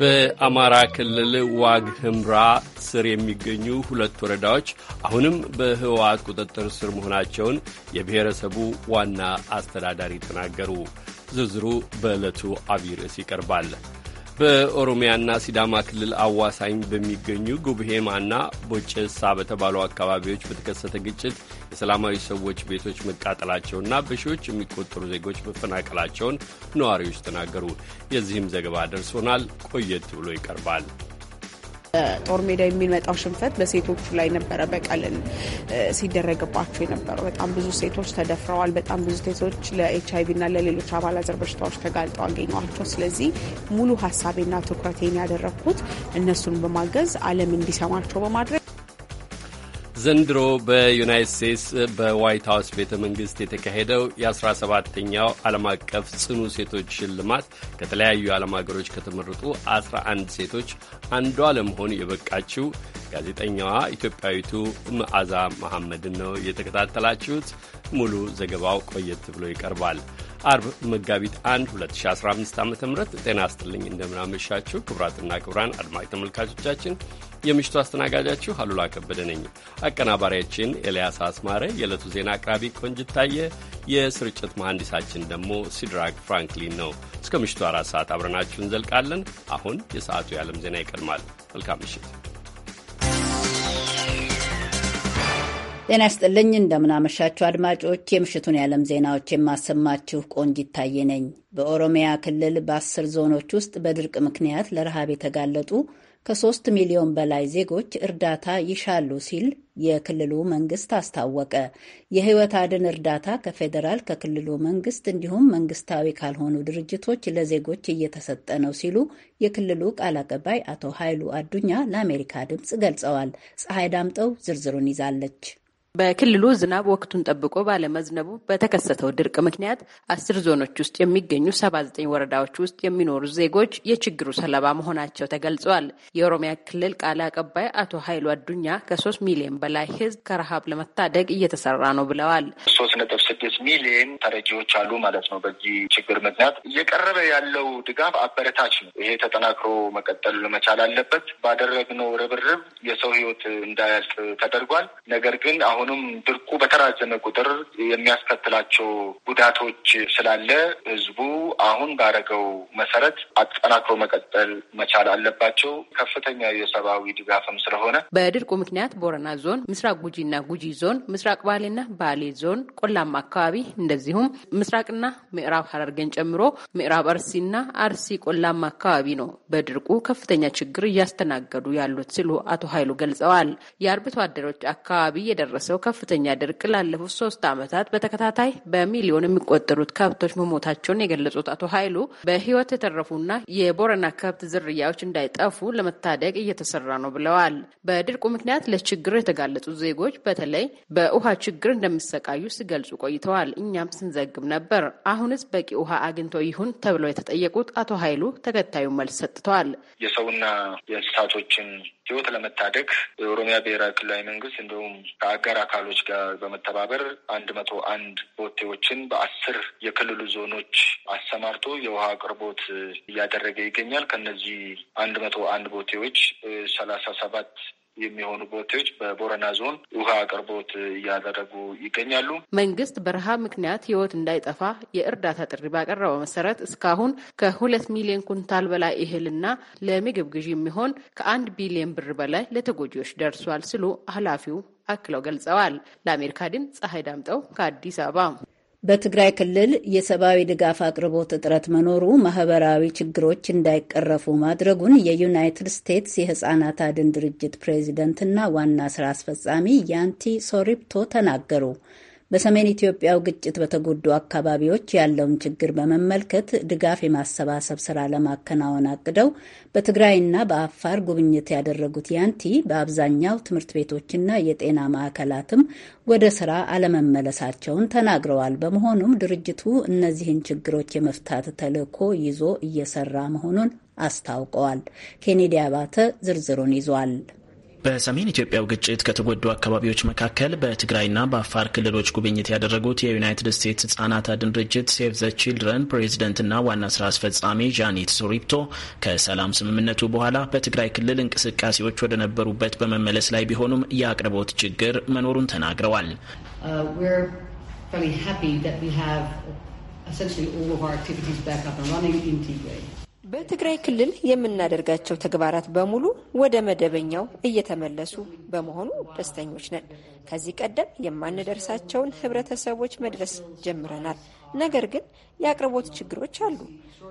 በአማራ ክልል ዋግ ህምራ ስር የሚገኙ ሁለት ወረዳዎች አሁንም በህወሓት ቁጥጥር ስር መሆናቸውን የብሔረሰቡ ዋና አስተዳዳሪ ተናገሩ። ዝርዝሩ በዕለቱ አብይ ርዕስ ይቀርባል። በኦሮሚያና ሲዳማ ክልል አዋሳኝ በሚገኙ ጉብሄማና ቦጨሳ በተባሉ አካባቢዎች በተከሰተ ግጭት የሰላማዊ ሰዎች ቤቶች መቃጠላቸውና በሺዎች የሚቆጠሩ ዜጎች መፈናቀላቸውን ነዋሪዎች ተናገሩ። የዚህም ዘገባ ደርሶናል፣ ቆየት ብሎ ይቀርባል። ጦር ሜዳ የሚመጣው ሽንፈት በሴቶቹ ላይ ነበረ። በቀልን ሲደረግባቸው የነበረው በጣም ብዙ ሴቶች ተደፍረዋል። በጣም ብዙ ሴቶች ለኤች አይ ቪ እና ለሌሎች አባላዘር በሽታዎች ተጋልጠው አገኘኋቸው። ስለዚህ ሙሉ ሀሳቤና ትኩረቴን ያደረግኩት እነሱን በማገዝ ዓለም እንዲሰማቸው በማድረግ ዘንድሮ በዩናይት ስቴትስ በዋይት ሀውስ ቤተ መንግስት የተካሄደው የ 17 ዓለም አቀፍ ጽኑ ሴቶች ሽልማት ከተለያዩ የዓለም ሀገሮች ከተመረጡ 11 ሴቶች አንዷ ለመሆን የበቃችው ጋዜጠኛዋ ኢትዮጵያዊቱ መዓዛ መሐመድን ነው የተከታተላችሁት። ሙሉ ዘገባው ቆየት ብሎ ይቀርባል። አርብ መጋቢት 1 2015 ዓ ም ጤና ይስጥልኝ እንደምናመሻችሁ ክቡራትና ክቡራን አድማጭ ተመልካቾቻችን የምሽቱ አስተናጋጃችሁ አሉላ ከበደ ነኝ። አቀናባሪያችን ኤልያስ አስማረ፣ የዕለቱ ዜና አቅራቢ ቆንጅት ታየ፣ የስርጭት መሐንዲሳችን ደግሞ ሲድራክ ፍራንክሊን ነው። እስከ ምሽቱ አራት ሰዓት አብረናችሁ እንዘልቃለን። አሁን የሰዓቱ የዓለም ዜና ይቀድማል። መልካም ምሽት። ጤና ይስጥልኝ እንደምናመሻችሁ አድማጮች፣ የምሽቱን የዓለም ዜናዎች የማሰማችሁ ቆንጅ ይታየ ነኝ። በኦሮሚያ ክልል በአስር ዞኖች ውስጥ በድርቅ ምክንያት ለረሃብ የተጋለጡ ከሶስት ሚሊዮን በላይ ዜጎች እርዳታ ይሻሉ ሲል የክልሉ መንግስት አስታወቀ። የህይወት አድን እርዳታ ከፌዴራል ከክልሉ መንግስት እንዲሁም መንግስታዊ ካልሆኑ ድርጅቶች ለዜጎች እየተሰጠ ነው ሲሉ የክልሉ ቃል አቀባይ አቶ ኃይሉ አዱኛ ለአሜሪካ ድምፅ ገልጸዋል። ፀሐይ ዳምጠው ዝርዝሩን ይዛለች። በክልሉ ዝናብ ወቅቱን ጠብቆ ባለመዝነቡ በተከሰተው ድርቅ ምክንያት አስር ዞኖች ውስጥ የሚገኙ ሰባ ዘጠኝ ወረዳዎች ውስጥ የሚኖሩ ዜጎች የችግሩ ሰለባ መሆናቸው ተገልጿል። የኦሮሚያ ክልል ቃል አቀባይ አቶ ኃይሉ አዱኛ ከሶስት ሚሊዮን በላይ ሕዝብ ከረሃብ ለመታደግ እየተሰራ ነው ብለዋል። ሶስት ነጥብ ስድስት ሚሊዮን ተረጂዎች አሉ ማለት ነው። በዚህ ችግር ምክንያት እየቀረበ ያለው ድጋፍ አበረታች ነው። ይሄ ተጠናክሮ መቀጠል መቻል አለበት። ባደረግነው ርብርብ የሰው ህይወት እንዳያልቅ ተደርጓል። ነገር ግን አሁን ቢሆኑም ድርቁ በተራዘመ ቁጥር የሚያስከትላቸው ጉዳቶች ስላለ ህዝቡ አሁን ባረገው መሰረት አጠናክሮ መቀጠል መቻል አለባቸው። ከፍተኛ የሰብአዊ ድጋፍም ስለሆነ በድርቁ ምክንያት ቦረና ዞን፣ ምስራቅ ጉጂና ጉጂ ዞን፣ ምስራቅ ባሌና ባሌ ዞን ቆላማ አካባቢ እንደዚሁም ምስራቅና ምዕራብ ሀረርገን ጨምሮ ምዕራብ አርሲና አርሲ ቆላማ አካባቢ ነው በድርቁ ከፍተኛ ችግር እያስተናገዱ ያሉት ሲሉ አቶ ኃይሉ ገልጸዋል። የአርብቶ አደሮች አካባቢ የደረሰው በደረሰው ከፍተኛ ድርቅ ላለፉት ሶስት ዓመታት በተከታታይ በሚሊዮን የሚቆጠሩት ከብቶች መሞታቸውን የገለጹት አቶ ኃይሉ በህይወት የተረፉና የቦረና ከብት ዝርያዎች እንዳይጠፉ ለመታደግ እየተሰራ ነው ብለዋል። በድርቁ ምክንያት ለችግር የተጋለጡ ዜጎች በተለይ በውሃ ችግር እንደሚሰቃዩ ሲገልጹ ቆይተዋል። እኛም ስንዘግብ ነበር። አሁንስ በቂ ውሃ አግኝቶ ይሁን ተብለው የተጠየቁት አቶ ኃይሉ ተከታዩ መልስ ሰጥተዋል። የሰውና የእንስሳቶችን ህይወት ለመታደግ የኦሮሚያ ብሔራዊ ክልላዊ መንግስት እንዲሁም ከአገር አካሎች ጋር በመተባበር አንድ መቶ አንድ ቦቴዎችን በአስር የክልሉ ዞኖች አሰማርቶ የውሃ አቅርቦት እያደረገ ይገኛል። ከነዚህ አንድ መቶ አንድ ቦቴዎች ሰላሳ ሰባት የሚሆኑ ቦቴዎች በቦረና ዞን ውሃ አቅርቦት እያደረጉ ይገኛሉ። መንግስት በረሃብ ምክንያት ህይወት እንዳይጠፋ የእርዳታ ጥሪ ባቀረበ መሰረት እስካሁን ከሁለት ሚሊዮን ኩንታል በላይ እህልና ለምግብ ግዢ የሚሆን ከአንድ ቢሊዮን ብር በላይ ለተጎጂዎች ደርሷል ሲሉ ኃላፊው አክለው ገልጸዋል። ለአሜሪካ ድምፅ ፀሐይ ዳምጠው ከአዲስ አበባ በትግራይ ክልል የሰብአዊ ድጋፍ አቅርቦት እጥረት መኖሩ ማህበራዊ ችግሮች እንዳይቀረፉ ማድረጉን የዩናይትድ ስቴትስ የህጻናት አድን ድርጅት ፕሬዚደንትና ዋና ስራ አስፈጻሚ ያንቲ ሶሪፕቶ ተናገሩ። በሰሜን ኢትዮጵያው ግጭት በተጎዱ አካባቢዎች ያለውን ችግር በመመልከት ድጋፍ የማሰባሰብ ስራ ለማከናወን አቅደው በትግራይና በአፋር ጉብኝት ያደረጉት ያንቲ በአብዛኛው ትምህርት ቤቶችና የጤና ማዕከላትም ወደ ስራ አለመመለሳቸውን ተናግረዋል። በመሆኑም ድርጅቱ እነዚህን ችግሮች የመፍታት ተልዕኮ ይዞ እየሰራ መሆኑን አስታውቀዋል። ኬኔዲ አባተ ዝርዝሩን ይዟል። በሰሜን ኢትዮጵያው ግጭት ከተጎዱ አካባቢዎች መካከል በትግራይና በአፋር ክልሎች ጉብኝት ያደረጉት የዩናይትድ ስቴትስ ህጻናት አድን ድርጅት ሴቭ ዘ ቺልድረን ፕሬዚደንትና ዋና ስራ አስፈጻሚ ጃኒት ሶሪፕቶ ከሰላም ስምምነቱ በኋላ በትግራይ ክልል እንቅስቃሴዎች ወደ ነበሩበት በመመለስ ላይ ቢሆኑም የአቅርቦት ችግር መኖሩን ተናግረዋል። uh, essentially all of our activities back up and running in Tigray. በትግራይ ክልል የምናደርጋቸው ተግባራት በሙሉ ወደ መደበኛው እየተመለሱ በመሆኑ ደስተኞች ነን። ከዚህ ቀደም የማንደርሳቸውን ህብረተሰቦች መድረስ ጀምረናል። ነገር ግን የአቅርቦት ችግሮች አሉ።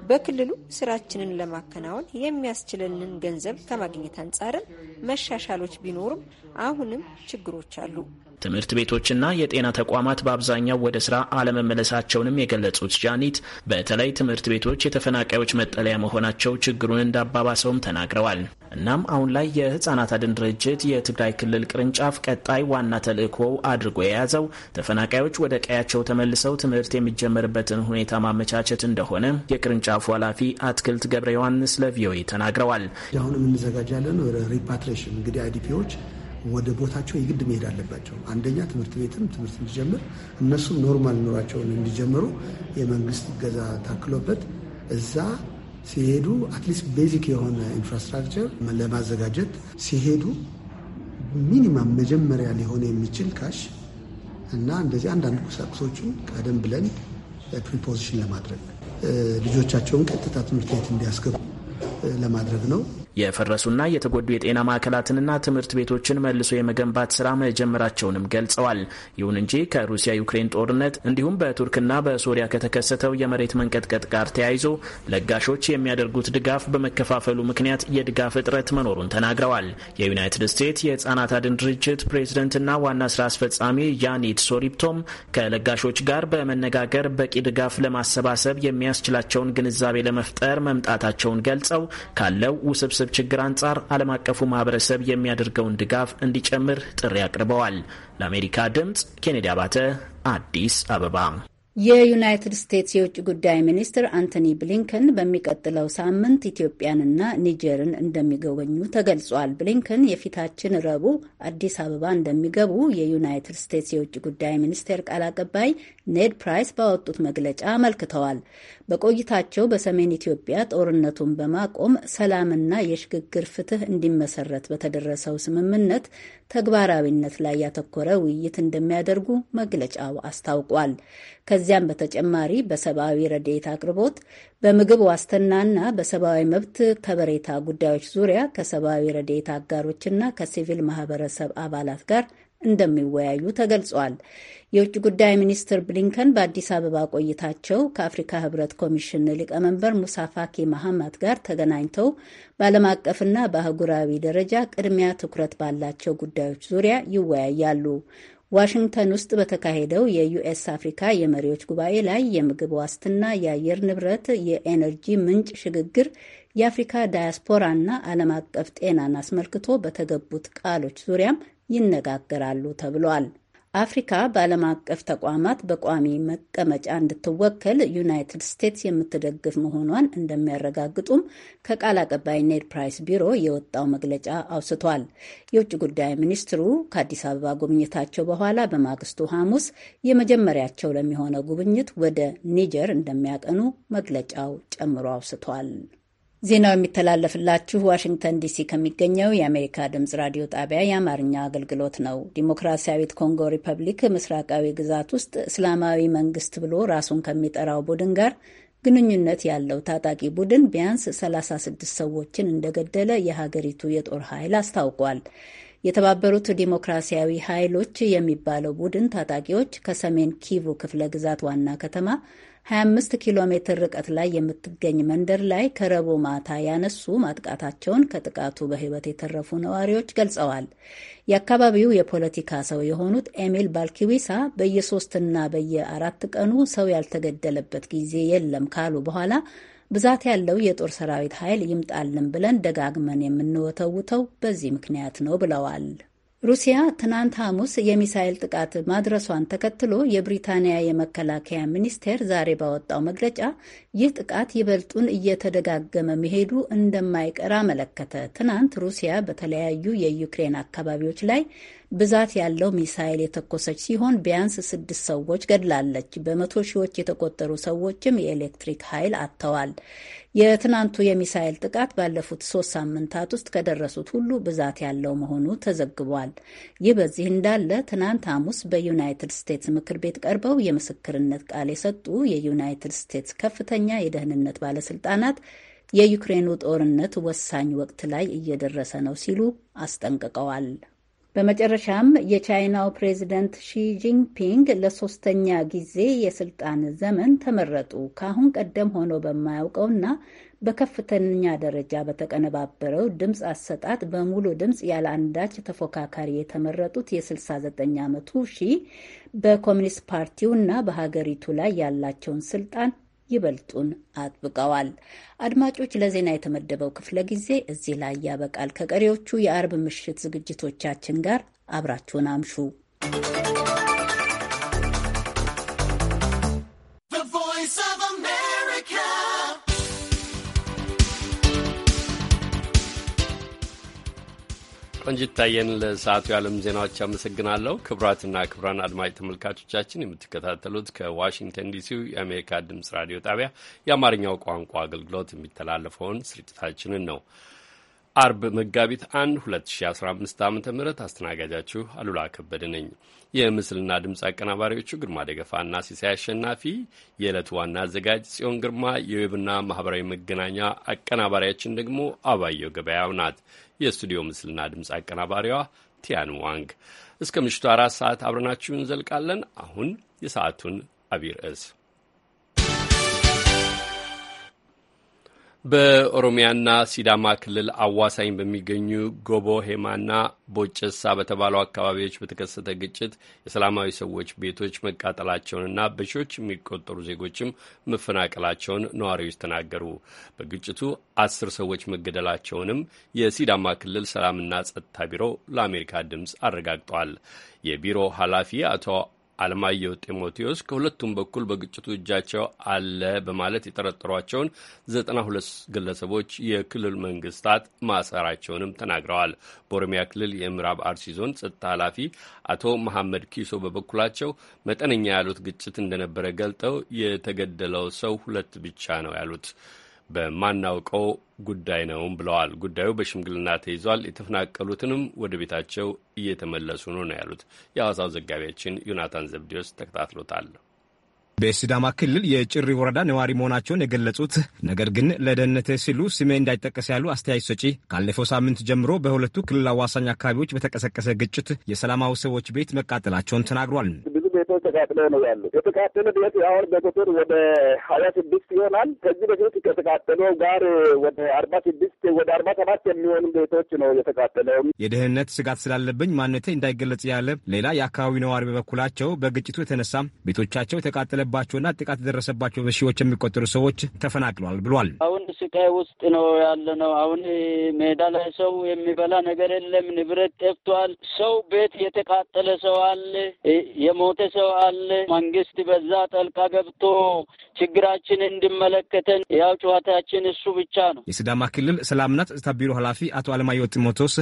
በክልሉ ስራችንን ለማከናወን የሚያስችለንን ገንዘብ ከማግኘት አንጻርም መሻሻሎች ቢኖሩም አሁንም ችግሮች አሉ። ትምህርት ቤቶችና የጤና ተቋማት በአብዛኛው ወደ ስራ አለመመለሳቸውንም የገለጹት ጃኒት በተለይ ትምህርት ቤቶች የተፈናቃዮች መጠለያ መሆናቸው ችግሩን እንዳባባሰውም ተናግረዋል። እናም አሁን ላይ የህጻናት አድን ድርጅት የትግራይ ክልል ቅርንጫፍ ቀጣይ ዋና ተልእኮ አድርጎ የያዘው ተፈናቃዮች ወደ ቀያቸው ተመልሰው ትምህርት የሚጀመርበትን ሁኔታ ማመቻቸት እንደሆነ የቅርንጫፉ ኃላፊ አትክልት ገብረ ዮሐንስ ለቪኦኤ ተናግረዋል። አሁንም እንዘጋጃለን ሪፓትሬሽን እንግዲህ አይዲፒዎች ወደ ቦታቸው የግድ መሄድ አለባቸው። አንደኛ ትምህርት ቤትም ትምህርት እንዲጀምር እነሱም ኖርማል ኑሯቸውን እንዲጀምሩ የመንግስት እገዛ ታክሎበት እዛ ሲሄዱ አትሊስት ቤዚክ የሆነ ኢንፍራስትራክቸር ለማዘጋጀት ሲሄዱ ሚኒማም መጀመሪያ ሊሆን የሚችል ካሽ እና እንደዚህ አንዳንድ ቁሳቁሶችን ቀደም ብለን ፕሪፖዚሽን ለማድረግ ልጆቻቸውን ቀጥታ ትምህርት ቤት እንዲያስገቡ ለማድረግ ነው። የፈረሱና የተጎዱ የጤና ማዕከላትንና ትምህርት ቤቶችን መልሶ የመገንባት ስራ መጀመራቸውንም ገልጸዋል። ይሁን እንጂ ከሩሲያ ዩክሬን ጦርነት እንዲሁም በቱርክና በሶሪያ ከተከሰተው የመሬት መንቀጥቀጥ ጋር ተያይዞ ለጋሾች የሚያደርጉት ድጋፍ በመከፋፈሉ ምክንያት የድጋፍ እጥረት መኖሩን ተናግረዋል። የዩናይትድ ስቴትስ የህጻናት አድን ድርጅት ፕሬዝደንትና ዋና ስራ አስፈጻሚ ያኒድ ሶሪፕቶም ከለጋሾች ጋር በመነጋገር በቂ ድጋፍ ለማሰባሰብ የሚያስችላቸውን ግንዛቤ ለመፍጠር መምጣታቸውን ገልጸው ካለው ውስብስብ ከገንዘብ ችግር አንጻር ዓለም አቀፉ ማህበረሰብ የሚያደርገውን ድጋፍ እንዲጨምር ጥሪ አቅርበዋል። ለአሜሪካ ድምፅ ኬኔዲ አባተ አዲስ አበባ። የዩናይትድ ስቴትስ የውጭ ጉዳይ ሚኒስትር አንቶኒ ብሊንከን በሚቀጥለው ሳምንት ኢትዮጵያንና ኒጀርን እንደሚጎበኙ ተገልጿል። ብሊንከን የፊታችን ረቡዕ አዲስ አበባ እንደሚገቡ የዩናይትድ ስቴትስ የውጭ ጉዳይ ሚኒስቴር ቃል አቀባይ ኔድ ፕራይስ ባወጡት መግለጫ አመልክተዋል። በቆይታቸው በሰሜን ኢትዮጵያ ጦርነቱን በማቆም ሰላምና የሽግግር ፍትህ እንዲመሰረት በተደረሰው ስምምነት ተግባራዊነት ላይ ያተኮረ ውይይት እንደሚያደርጉ መግለጫው አስታውቋል። ከዚያም በተጨማሪ በሰብአዊ ረድኤት አቅርቦት፣ በምግብ ዋስትናና በሰብአዊ መብት ከበሬታ ጉዳዮች ዙሪያ ከሰብአዊ ረድኤት አጋሮችና ከሲቪል ማህበረሰብ አባላት ጋር እንደሚወያዩ ተገልጿል። የውጭ ጉዳይ ሚኒስትር ብሊንከን በአዲስ አበባ ቆይታቸው ከአፍሪካ ሕብረት ኮሚሽን ሊቀመንበር ሙሳ ፋኪ መሐማት ጋር ተገናኝተው በዓለም አቀፍና በአህጉራዊ ደረጃ ቅድሚያ ትኩረት ባላቸው ጉዳዮች ዙሪያ ይወያያሉ። ዋሽንግተን ውስጥ በተካሄደው የዩኤስ አፍሪካ የመሪዎች ጉባኤ ላይ የምግብ ዋስትና፣ የአየር ንብረት፣ የኤነርጂ ምንጭ ሽግግር፣ የአፍሪካ ዳያስፖራና ዓለም አቀፍ ጤናን አስመልክቶ በተገቡት ቃሎች ዙሪያም ይነጋገራሉ ተብሏል። አፍሪካ በዓለም አቀፍ ተቋማት በቋሚ መቀመጫ እንድትወከል ዩናይትድ ስቴትስ የምትደግፍ መሆኗን እንደሚያረጋግጡም ከቃል አቀባይ ኔድ ፕራይስ ቢሮ የወጣው መግለጫ አውስቷል። የውጭ ጉዳይ ሚኒስትሩ ከአዲስ አበባ ጉብኝታቸው በኋላ በማግስቱ ሐሙስ የመጀመሪያቸው ለሚሆነው ጉብኝት ወደ ኒጀር እንደሚያቀኑ መግለጫው ጨምሮ አውስቷል። ዜናው የሚተላለፍላችሁ ዋሽንግተን ዲሲ ከሚገኘው የአሜሪካ ድምጽ ራዲዮ ጣቢያ የአማርኛ አገልግሎት ነው። ዲሞክራሲያዊት ኮንጎ ሪፐብሊክ ምስራቃዊ ግዛት ውስጥ እስላማዊ መንግስት ብሎ ራሱን ከሚጠራው ቡድን ጋር ግንኙነት ያለው ታጣቂ ቡድን ቢያንስ 36 ሰዎችን እንደገደለ የሀገሪቱ የጦር ኃይል አስታውቋል። የተባበሩት ዲሞክራሲያዊ ኃይሎች የሚባለው ቡድን ታጣቂዎች ከሰሜን ኪቩ ክፍለ ግዛት ዋና ከተማ 25 ኪሎ ሜትር ርቀት ላይ የምትገኝ መንደር ላይ ከረቡ ማታ ያነሱ ማጥቃታቸውን ከጥቃቱ በሕይወት የተረፉ ነዋሪዎች ገልጸዋል። የአካባቢው የፖለቲካ ሰው የሆኑት ኤሚል ባልኪዊሳ በየሶስትና በየአራት ቀኑ ሰው ያልተገደለበት ጊዜ የለም ካሉ በኋላ ብዛት ያለው የጦር ሰራዊት ኃይል ይምጣልን ብለን ደጋግመን የምንወተውተው በዚህ ምክንያት ነው ብለዋል። ሩሲያ ትናንት ሐሙስ የሚሳኤል ጥቃት ማድረሷን ተከትሎ የብሪታንያ የመከላከያ ሚኒስቴር ዛሬ ባወጣው መግለጫ ይህ ጥቃት ይበልጡን እየተደጋገመ መሄዱ እንደማይቀር አመለከተ። ትናንት ሩሲያ በተለያዩ የዩክሬን አካባቢዎች ላይ ብዛት ያለው ሚሳይል የተኮሰች ሲሆን ቢያንስ ስድስት ሰዎች ገድላለች። በመቶ ሺዎች የተቆጠሩ ሰዎችም የኤሌክትሪክ ኃይል አጥተዋል። የትናንቱ የሚሳይል ጥቃት ባለፉት ሶስት ሳምንታት ውስጥ ከደረሱት ሁሉ ብዛት ያለው መሆኑ ተዘግቧል። ይህ በዚህ እንዳለ ትናንት ሐሙስ በዩናይትድ ስቴትስ ምክር ቤት ቀርበው የምስክርነት ቃል የሰጡ የዩናይትድ ስቴትስ ከፍተኛ የደህንነት ባለስልጣናት የዩክሬኑ ጦርነት ወሳኝ ወቅት ላይ እየደረሰ ነው ሲሉ አስጠንቅቀዋል። በመጨረሻም የቻይናው ፕሬዚደንት ሺጂንፒንግ ለሶስተኛ ጊዜ የስልጣን ዘመን ተመረጡ። ከአሁን ቀደም ሆኖ በማያውቀውና በከፍተኛ ደረጃ በተቀነባበረው ድምፅ አሰጣጥ በሙሉ ድምፅ ያለ አንዳች ተፎካካሪ የተመረጡት የ69 ዓመቱ ሺ በኮሚኒስት ፓርቲውና በሀገሪቱ ላይ ያላቸውን ስልጣን ይበልጡን አጥብቀዋል። አድማጮች፣ ለዜና የተመደበው ክፍለ ጊዜ እዚህ ላይ ያበቃል። ከቀሪዎቹ የአርብ ምሽት ዝግጅቶቻችን ጋር አብራችሁን አምሹ። ቆንጅት ታየን ለሰዓቱ የዓለም ዜናዎች አመሰግናለሁ። ክቡራትና ክቡራን አድማጭ ተመልካቾቻችን የምትከታተሉት ከዋሽንግተን ዲሲው የአሜሪካ ድምፅ ራዲዮ ጣቢያ የአማርኛው ቋንቋ አገልግሎት የሚተላለፈውን ስርጭታችንን ነው። አርብ መጋቢት 1 2015 ዓ ም አስተናጋጃችሁ አሉላ ከበደ ነኝ። የምስልና ድምፅ አቀናባሪዎቹ ግርማ ደገፋና ሲሳይ አሸናፊ፣ የዕለቱ ዋና አዘጋጅ ጽዮን ግርማ፣ የዌብና ማኅበራዊ መገናኛ አቀናባሪያችን ደግሞ አባየው ገበያው ናት። የስቱዲዮ ምስልና ድምፅ አቀናባሪዋ ቲያን ዋንግ። እስከ ምሽቱ አራት ሰዓት አብረናችሁን ዘልቃለን። አሁን የሰዓቱን አቢይ ርዕስ በኦሮሚያና ሲዳማ ክልል አዋሳኝ በሚገኙ ጎቦ ሄማና ቦጨሳ በተባሉ አካባቢዎች በተከሰተ ግጭት የሰላማዊ ሰዎች ቤቶች መቃጠላቸውንና በሺዎች የሚቆጠሩ ዜጎችም መፈናቀላቸውን ነዋሪዎች ተናገሩ። በግጭቱ አስር ሰዎች መገደላቸውንም የሲዳማ ክልል ሰላምና ጸጥታ ቢሮ ለአሜሪካ ድምፅ አረጋግጧል። የቢሮ ኃላፊ አቶ አለማየሁ ጢሞቴዎስ ከሁለቱም በኩል በግጭቱ እጃቸው አለ በማለት የጠረጠሯቸውን ዘጠና ሁለት ግለሰቦች የክልል መንግስታት ማሰራቸውንም ተናግረዋል። በኦሮሚያ ክልል የምዕራብ አርሲ ዞን ጸጥታ ኃላፊ አቶ መሐመድ ኪሶ በበኩላቸው መጠነኛ ያሉት ግጭት እንደነበረ ገልጠው የተገደለው ሰው ሁለት ብቻ ነው ያሉት በማናውቀው ጉዳይ ነውም ብለዋል። ጉዳዩ በሽምግልና ተይዟል። የተፈናቀሉትንም ወደ ቤታቸው እየተመለሱ ነው ነው ያሉት። የሐዋሳው ዘጋቢያችን ዮናታን ዘብዲዎስ ተከታትሎታል። በሲዳማ ክልል የጭሪ ወረዳ ነዋሪ መሆናቸውን የገለጹት ነገር ግን ለደህንነት ሲሉ ስሜ እንዳይጠቀስ ያሉ አስተያየት ሰጪ ካለፈው ሳምንት ጀምሮ በሁለቱ ክልል አዋሳኝ አካባቢዎች በተቀሰቀሰ ግጭት የሰላማዊ ሰዎች ቤት መቃጠላቸውን ተናግሯል። ቤቶች ተቃጥለው ነው ያሉ። የተቃጠለ ቤት አሁን በቁጥር ወደ ሀያ ስድስት ይሆናል። ከዚህ በፊት ከተቃጠለው ጋር ወደ አርባ ስድስት ወደ አርባ ሰባት የሚሆኑ ቤቶች ነው የተቃጠለው። የደህንነት ስጋት ስላለብኝ ማንነቴ እንዳይገለጽ ያለ ሌላ የአካባቢው ነዋሪ በበኩላቸው በግጭቱ የተነሳ ቤቶቻቸው የተቃጠለባቸውና ጥቃት የደረሰባቸው በሺዎች የሚቆጠሩ ሰዎች ተፈናቅለዋል ብሏል። አሁን ስቃይ ውስጥ ነው ያለ ነው። አሁን ሜዳ ላይ ሰው የሚበላ ነገር የለም። ንብረት ጠፍቷል። ሰው ቤት የተቃጠለ ሰው አለ። የሞተ ሰው አለ። መንግስት በዛ ጠልቃ ገብቶ ችግራችን እንዲመለከተን ያው ጨዋታችን እሱ ብቻ ነው። የስዳማ ክልል ሰላምና ጸጥታ ቢሮ ኃላፊ አቶ አለማየሁ ጢሞቴዎስ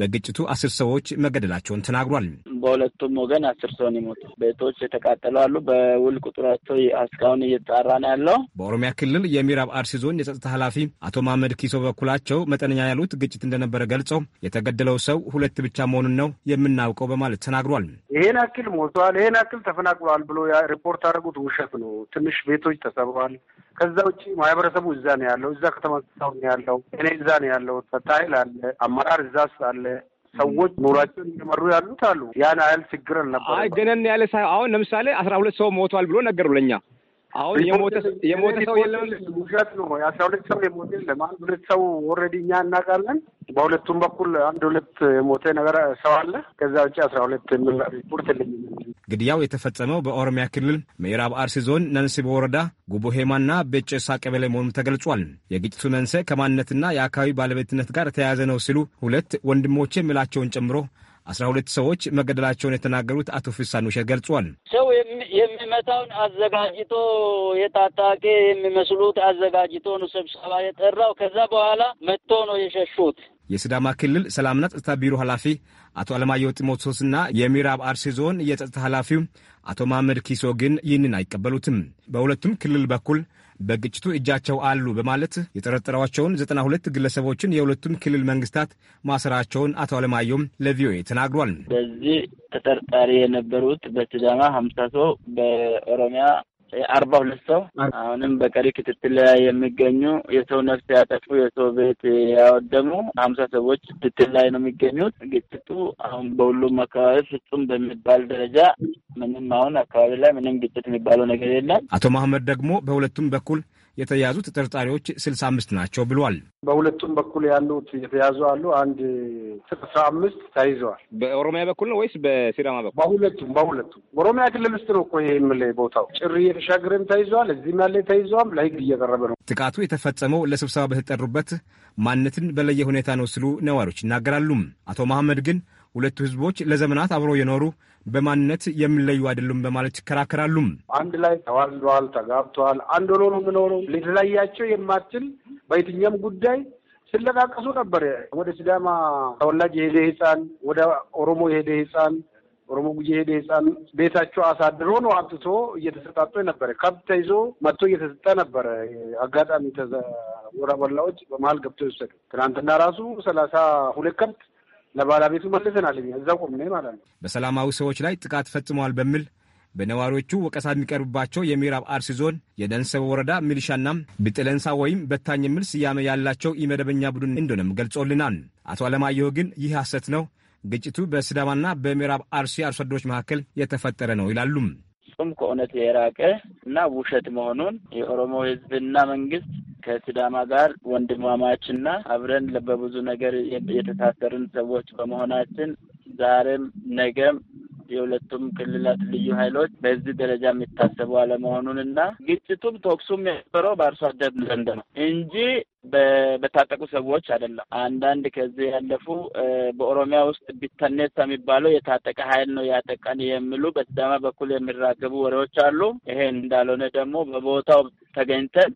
በግጭቱ አስር ሰዎች መገደላቸውን ተናግሯል። በሁለቱም ወገን አስር ሰውን ይሞቱ ቤቶች የተቃጠሉ አሉ። በውል ቁጥራቸው እስካሁን እየተጣራ ነው ያለው። በኦሮሚያ ክልል የምዕራብ አርሲ ዞን የጸጥታ ኃላፊ አቶ ማህመድ ኪሶ በኩላቸው መጠነኛ ያሉት ግጭት እንደነበረ ገልጸው የተገደለው ሰው ሁለት ብቻ መሆኑን ነው የምናውቀው በማለት ተናግሯል። ይሄን አክል ሞቷል፣ ይሄን ያክል ተፈናቅሏል ብሎ ሪፖርት ያደረጉት ውሸት ነው። ትንሽ ቤቶች ተሰብሯል። ከዛ ውጭ ማህበረሰቡ እዛ ነው ያለው፣ እዛ ከተማ ሰው ነው ያለው። እኔ እዛ ነው ያለው። ኃይል አለ፣ አመራር እዛስ አለ። ሰዎች ኑሯቸውን እየመሩ ያሉት አሉ። ያን ያህል ችግር አልነበረ። አይ ገነን ያለ አሁን ለምሳሌ አስራ ሁለት ሰው ሞቷል ብሎ ነገሩ ለኛ አሁን የሞተ ሰው የለም። ውሸት ነው። አስራ ሁለት ሰው የሞተ የለም። አንድ ሁለት ሰው ኦልሬዲ እኛ እናውቃለን። በሁለቱም በኩል አንድ ሁለት የሞተ ነገር ሰው አለ። ከዛ ውጭ አስራ ሁለት የሚል ሪፖርት የለኝም። ግድያው የተፈጸመው በኦሮሚያ ክልል ምዕራብ አርሲ ዞን ነንስቦ ወረዳ ጉቦሄማ ሄማና ቤጨሳ ቀበሌ መሆኑ ተገልጿል። የግጭቱ መንስኤ ከማንነትና የአካባቢ ባለቤትነት ጋር የተያያዘ ነው ሲሉ ሁለት ወንድሞቼ የሚላቸውን ጨምሮ አስራ ሁለት ሰዎች መገደላቸውን የተናገሩት አቶ ፍሳን ውሸት ገልጿል። ሰው የሚመታውን አዘጋጅቶ የታጣቂ የሚመስሉት አዘጋጅቶ ነው ስብሰባ የጠራው። ከዛ በኋላ መጥቶ ነው የሸሹት። የስዳማ ክልል ሰላምና ጸጥታ ቢሮ ኃላፊ አቶ አለማየሁ ጢሞቴዎስና የምዕራብ አርሲ ዞን የጸጥታ ኃላፊው አቶ መሐመድ ኪሶ ግን ይህንን አይቀበሉትም። በሁለቱም ክልል በኩል በግጭቱ እጃቸው አሉ በማለት የጠረጠሯቸውን 92 ግለሰቦችን የሁለቱም ክልል መንግስታት ማሰራቸውን አቶ አለማየሁም ለቪኦኤ ተናግሯል። በዚህ ተጠርጣሪ የነበሩት በሲዳማ ሀምሳ ሰው በኦሮሚያ አርባ ሁለት ሰው አሁንም በቀሪ ክትትል ላይ የሚገኙ የሰው ነፍስ ያጠፉ የሰው ቤት ያወደሙ ሀምሳ ሰዎች ክትትል ላይ ነው የሚገኙት። ግጭቱ አሁን በሁሉም አካባቢ ፍጹም በሚባል ደረጃ ምንም አሁን አካባቢ ላይ ምንም ግጭት የሚባለው ነገር የለም። አቶ መሀመድ ደግሞ በሁለቱም በኩል የተያዙ ተጠርጣሪዎች ስልሳ አምስት ናቸው ብሏል። በሁለቱም በኩል ያሉት የተያዙ አሉ። አንድ አስራ አምስት ተይዘዋል። በኦሮሚያ በኩል ነው ወይስ በሲዳማ በኩል? በሁለቱም በሁለቱም። ኦሮሚያ ክልል ውስጥ ነው እኮ ይሄ የምልህ ቦታው ጭሪ የተሻገረም ተይዘዋል። እዚህም ያለ ተይዘዋል። ለህግ እየቀረበ ነው። ጥቃቱ የተፈጸመው ለስብሰባ በተጠሩበት ማንነትን በለየ ሁኔታ ነው ሲሉ ነዋሪዎች ይናገራሉ። አቶ መሐመድ ግን ሁለቱ ህዝቦች ለዘመናት አብረው የኖሩ በማንነት የምለዩ አይደሉም በማለት ይከራከራሉ። አንድ ላይ ተዋልደዋል፣ ተጋብተዋል፣ አንድ ሆኖ ነው የምኖረው ልትለያቸው የማትችል በየትኛም ጉዳይ ስለቃቀሱ ነበር። ወደ ሲዳማ ተወላጅ የሄደ ህፃን፣ ወደ ኦሮሞ የሄደ ህፃን ኦሮሞ ጉጂ የሄደ ህፃን ቤታቸው አሳድሮ ነው አምጥቶ እየተሰጣጦ ነበረ። ከብት ተይዞ መጥቶ እየተሰጠ ነበረ። አጋጣሚ ወረበላዎች በመሀል ገብቶ ይወሰዱ። ትናንትና ራሱ ሰላሳ ሁለት ከብት ለባለቤቱ መልሰናል። እዛ ቁም ማለት ነው። በሰላማዊ ሰዎች ላይ ጥቃት ፈጽመዋል በሚል በነዋሪዎቹ ወቀሳ የሚቀርብባቸው የምዕራብ አርሲ ዞን የደንሰብ ወረዳ ሚሊሻና ብጥለንሳ ወይም በታኝ የሚል ስያሜ ያላቸው ኢመደበኛ ቡድን እንደሆነም ገልጾልናል። አቶ አለማየሁ ግን ይህ ሐሰት ነው፣ ግጭቱ በስዳማና በምዕራብ አርሲ አርሶ አደሮች መካከል የተፈጠረ ነው ይላሉም። በፍጹም ከእውነት የራቀ እና ውሸት መሆኑን የኦሮሞ ህዝብና መንግስት ከሲዳማ ጋር ወንድማማችና አብረን በብዙ ነገር የተሳሰርን ሰዎች በመሆናችን ዛሬም ነገም የሁለቱም ክልላት ልዩ ኃይሎች በዚህ ደረጃ የሚታሰቡ እና ግጭቱም ተኩሱም የነበረው በአርሶ አደር ዘንድ ነው እንጂ በታጠቁ ሰዎች አይደለም። አንዳንድ ከዚህ ያለፉ በኦሮሚያ ውስጥ ቢተኔታ የሚባለው የታጠቀ ኃይል ነው ያጠቃን የሚሉ በስዳማ በኩል የሚራገቡ ወሬዎች አሉ። ይሄ እንዳልሆነ ደግሞ በቦታው ተገኝተን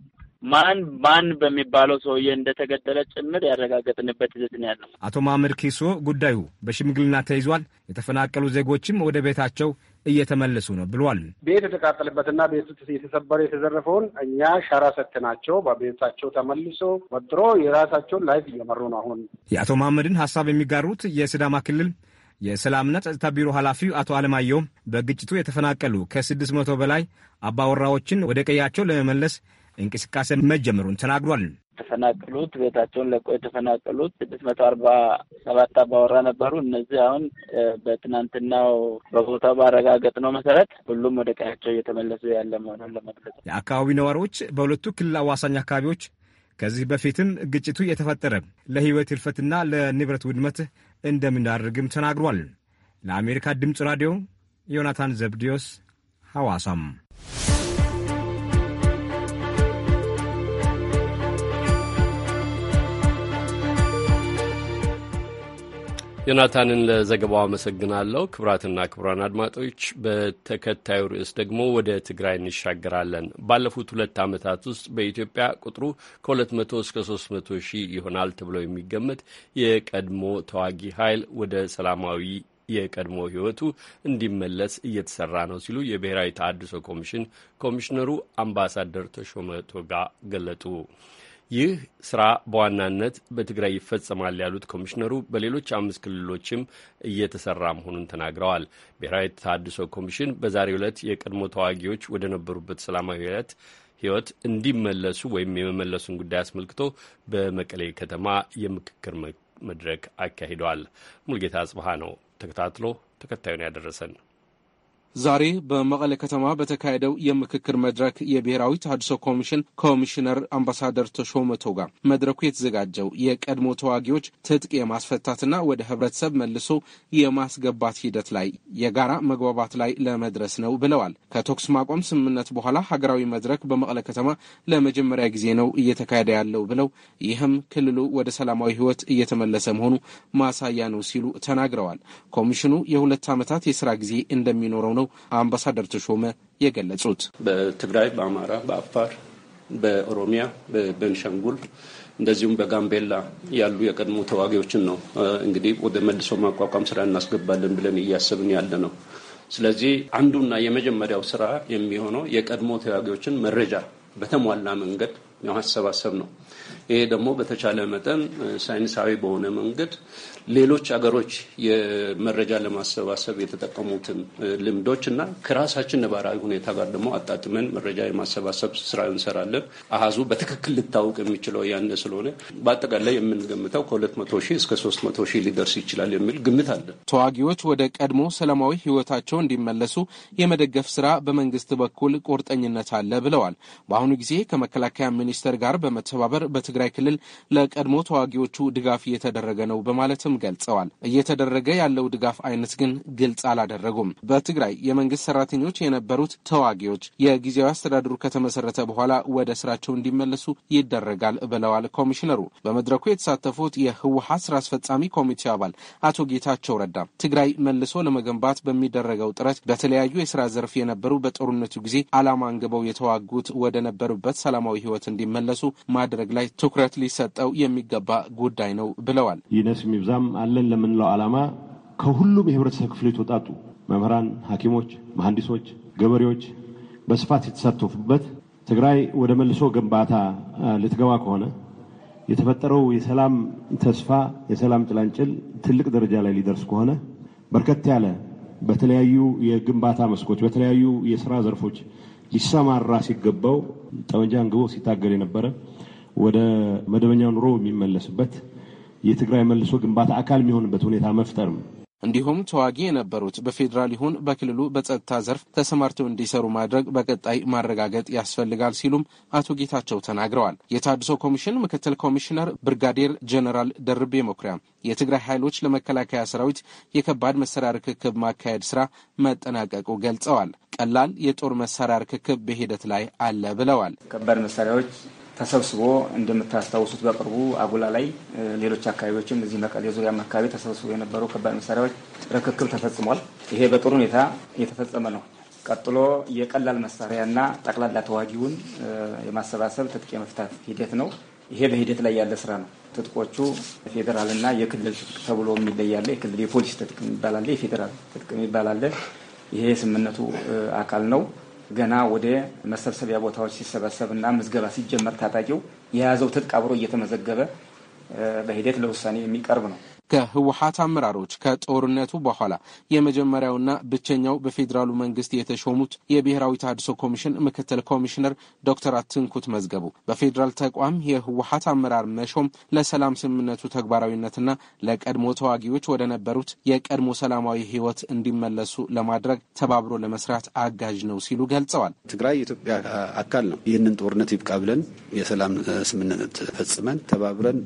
ማን ማን በሚባለው ሰውዬ እንደተገደለ ጭምር ያረጋገጥንበት ሂደት ነው ያለው። አቶ ማምር ኪሶ ጉዳዩ በሽምግልና ተይዟል፣ የተፈናቀሉ ዜጎችም ወደ ቤታቸው እየተመለሱ ነው ብሏል። ቤት የተቃጠለበትና ቤት የተሰበረ የተዘረፈውን እኛ ሸራ ሰጥናቸው በቤታቸው ተመልሶ ወጥሮ የራሳቸውን ላይፍ እየመሩ ነው። አሁን የአቶ መሐመድን ሀሳብ የሚጋሩት የስዳማ ክልል የሰላምና ጸጥታ ቢሮ ኃላፊው አቶ አለማየሁ በግጭቱ የተፈናቀሉ ከስድስት መቶ በላይ አባወራዎችን ወደ ቀያቸው ለመመለስ እንቅስቃሴ መጀመሩን ተናግሯል። የተፈናቀሉት ቤታቸውን ለቆ የተፈናቀሉት ስድስት መቶ አርባ ሰባት አባወራ ነበሩ። እነዚህ አሁን በትናንትናው በቦታው ነው መሰረት ሁሉም ወደ ቀያቸው እየተመለሱ ያለ መሆኑን ለመግለጽ የአካባቢ ነዋሪዎች በሁለቱ ክልል አዋሳኝ አካባቢዎች ከዚህ በፊትም ግጭቱ የተፈጠረ ለህይወት ህልፈትና ለንብረት ውድመት እንደምናደርግም ተናግሯል። ለአሜሪካ ድምፅ ራዲዮ ዮናታን ዘብዲዮስ ሐዋሳም ዮናታንን ለዘገባው አመሰግናለሁ። ክቡራትና ክቡራን አድማጮች በተከታዩ ርዕስ ደግሞ ወደ ትግራይ እንሻገራለን። ባለፉት ሁለት ዓመታት ውስጥ በኢትዮጵያ ቁጥሩ ከ200 እስከ 300 ሺህ ይሆናል ተብሎ የሚገመት የቀድሞ ተዋጊ ኃይል ወደ ሰላማዊ የቀድሞ ሕይወቱ እንዲመለስ እየተሰራ ነው ሲሉ የብሔራዊ ተሃድሶ ኮሚሽን ኮሚሽነሩ አምባሳደር ተሾመ ቶጋ ገለጡ። ይህ ስራ በዋናነት በትግራይ ይፈጸማል ያሉት ኮሚሽነሩ በሌሎች አምስት ክልሎችም እየተሰራ መሆኑን ተናግረዋል። ብሔራዊ ተሃድሶ ኮሚሽን በዛሬ ዕለት የቀድሞ ተዋጊዎች ወደ ነበሩበት ሰላማዊ ዕለት ህይወት እንዲመለሱ ወይም የመመለሱን ጉዳይ አስመልክቶ በመቀሌ ከተማ የምክክር መድረክ አካሂደዋል። ሙልጌታ አጽብሃ ነው ተከታትሎ ተከታዩን ያደረሰን። ዛሬ በመቀለ ከተማ በተካሄደው የምክክር መድረክ የብሔራዊ ተሃድሶ ኮሚሽን ኮሚሽነር አምባሳደር ተሾመ ቶጋ መድረኩ የተዘጋጀው የቀድሞ ተዋጊዎች ትጥቅ የማስፈታትና ወደ ህብረተሰብ መልሶ የማስገባት ሂደት ላይ የጋራ መግባባት ላይ ለመድረስ ነው ብለዋል። ከተኩስ ማቆም ስምምነት በኋላ ሀገራዊ መድረክ በመቀለ ከተማ ለመጀመሪያ ጊዜ ነው እየተካሄደ ያለው ብለው ይህም ክልሉ ወደ ሰላማዊ ህይወት እየተመለሰ መሆኑ ማሳያ ነው ሲሉ ተናግረዋል። ኮሚሽኑ የሁለት ዓመታት የስራ ጊዜ እንደሚኖረው ነው ነው አምባሳደር ተሾመ የገለጹት። በትግራይ፣ በአማራ፣ በአፋር፣ በኦሮሚያ፣ በቤንሻንጉል እንደዚሁም በጋምቤላ ያሉ የቀድሞ ተዋጊዎችን ነው እንግዲህ ወደ መልሶ ማቋቋም ስራ እናስገባለን ብለን እያሰብን ያለ ነው። ስለዚህ አንዱና የመጀመሪያው ስራ የሚሆነው የቀድሞ ተዋጊዎችን መረጃ በተሟላ መንገድ ማሰባሰብ ነው። ይሄ ደግሞ በተቻለ መጠን ሳይንሳዊ በሆነ መንገድ ሌሎች አገሮች የመረጃ ለማሰባሰብ የተጠቀሙትን ልምዶች እና ከራሳችን ነባራዊ ሁኔታ ጋር ደግሞ አጣጥመን መረጃ የማሰባሰብ ስራ እንሰራለን። አሃዙ በትክክል ልታወቅ የሚችለው ያን ስለሆነ በአጠቃላይ የምንገምተው ከሁለት መቶ ሺህ እስከ ሶስት መቶ ሺህ ሊደርስ ይችላል የሚል ግምት አለን። ተዋጊዎች ወደ ቀድሞ ሰላማዊ ህይወታቸው እንዲመለሱ የመደገፍ ስራ በመንግስት በኩል ቁርጠኝነት አለ ብለዋል። በአሁኑ ጊዜ ከመከላከያ ሚኒስቴር ጋር በመተባበር በትግራይ ክልል ለቀድሞ ተዋጊዎቹ ድጋፍ እየተደረገ ነው በማለትም እንደሚደግፉም ገልጸዋል። እየተደረገ ያለው ድጋፍ አይነት ግን ግልጽ አላደረጉም። በትግራይ የመንግስት ሰራተኞች የነበሩት ተዋጊዎች የጊዜያዊ አስተዳደሩ ከተመሰረተ በኋላ ወደ ስራቸው እንዲመለሱ ይደረጋል ብለዋል ኮሚሽነሩ። በመድረኩ የተሳተፉት የህወሀት ስራ አስፈጻሚ ኮሚቴ አባል አቶ ጌታቸው ረዳ ትግራይ መልሶ ለመገንባት በሚደረገው ጥረት በተለያዩ የስራ ዘርፍ የነበሩ በጦርነቱ ጊዜ አላማ አንግበው የተዋጉት ወደ ነበሩበት ሰላማዊ ህይወት እንዲመለሱ ማድረግ ላይ ትኩረት ሊሰጠው የሚገባ ጉዳይ ነው ብለዋል። ይነስ ሚብዛም ፕሮግራም አለን ለምንለው ዓላማ ከሁሉም የህብረተሰብ ክፍሎች ተውጣጡ መምህራን፣ ሐኪሞች፣ መሐንዲሶች፣ ገበሬዎች በስፋት የተሳተፉበት ትግራይ ወደ መልሶ ግንባታ ልትገባ ከሆነ የተፈጠረው የሰላም ተስፋ የሰላም ጭላንጭል ትልቅ ደረጃ ላይ ሊደርስ ከሆነ በርከት ያለ በተለያዩ የግንባታ መስኮች በተለያዩ የስራ ዘርፎች ሊሰማራ ሲገባው ጠመንጃ አንግቦ ሲታገል የነበረ ወደ መደበኛ ኑሮ የሚመለስበት የትግራይ መልሶ ግንባታ አካል የሚሆንበት ሁኔታ መፍጠርም እንዲሁም ተዋጊ የነበሩት በፌዴራል ይሁን በክልሉ በጸጥታ ዘርፍ ተሰማርተው እንዲሰሩ ማድረግ በቀጣይ ማረጋገጥ ያስፈልጋል ሲሉም አቶ ጌታቸው ተናግረዋል። የታድሶ ኮሚሽን ምክትል ኮሚሽነር ብርጋዴር ጀነራል ደርቤ መኩሪያ የትግራይ ኃይሎች ለመከላከያ ሰራዊት የከባድ መሳሪያ ርክክብ ማካሄድ ስራ መጠናቀቁ ገልጸዋል። ቀላል የጦር መሳሪያ ርክክብ በሂደት ላይ አለ ብለዋል። ከባድ መሳሪያዎች ተሰብስቦ እንደምታስታውሱት በቅርቡ አጉላ ላይ፣ ሌሎች አካባቢዎችም እዚህ መቀሌ ዙሪያም አካባቢ ተሰብስቦ የነበሩ ከባድ መሳሪያዎች ርክክብ ተፈጽሟል። ይሄ በጥሩ ሁኔታ የተፈጸመ ነው። ቀጥሎ የቀላል መሳሪያና ጠቅላላ ተዋጊውን የማሰባሰብ ትጥቅ የመፍታት ሂደት ነው። ይሄ በሂደት ላይ ያለ ስራ ነው። ትጥቆቹ ፌዴራልና የክልል ትጥቅ ተብሎ የሚለያለ የክልል የፖሊስ ትጥቅ የሚባላለ የፌዴራል ትጥቅ የሚባላለ ይሄ የስምምነቱ አካል ነው። ገና ወደ መሰብሰቢያ ቦታዎች ሲሰበሰብና ምዝገባ ሲጀመር ታጣቂው የያዘው ትጥቅ አብሮ እየተመዘገበ በሂደት ለውሳኔ የሚቀርብ ነው። ከህወሀት አመራሮች ከጦርነቱ በኋላ የመጀመሪያውና ብቸኛው በፌዴራሉ መንግስት የተሾሙት የብሔራዊ ተሃድሶ ኮሚሽን ምክትል ኮሚሽነር ዶክተር አትንኩት መዝገቡ በፌዴራል ተቋም የህወሀት አመራር መሾም ለሰላም ስምምነቱ ተግባራዊነትና ለቀድሞ ተዋጊዎች ወደ ነበሩት የቀድሞ ሰላማዊ ህይወት እንዲመለሱ ለማድረግ ተባብሮ ለመስራት አጋዥ ነው ሲሉ ገልጸዋል። ትግራይ የኢትዮጵያ አካል ነው። ይህንን ጦርነት ይብቃ ብለን የሰላም ስምምነት ፈጽመን ተባብረን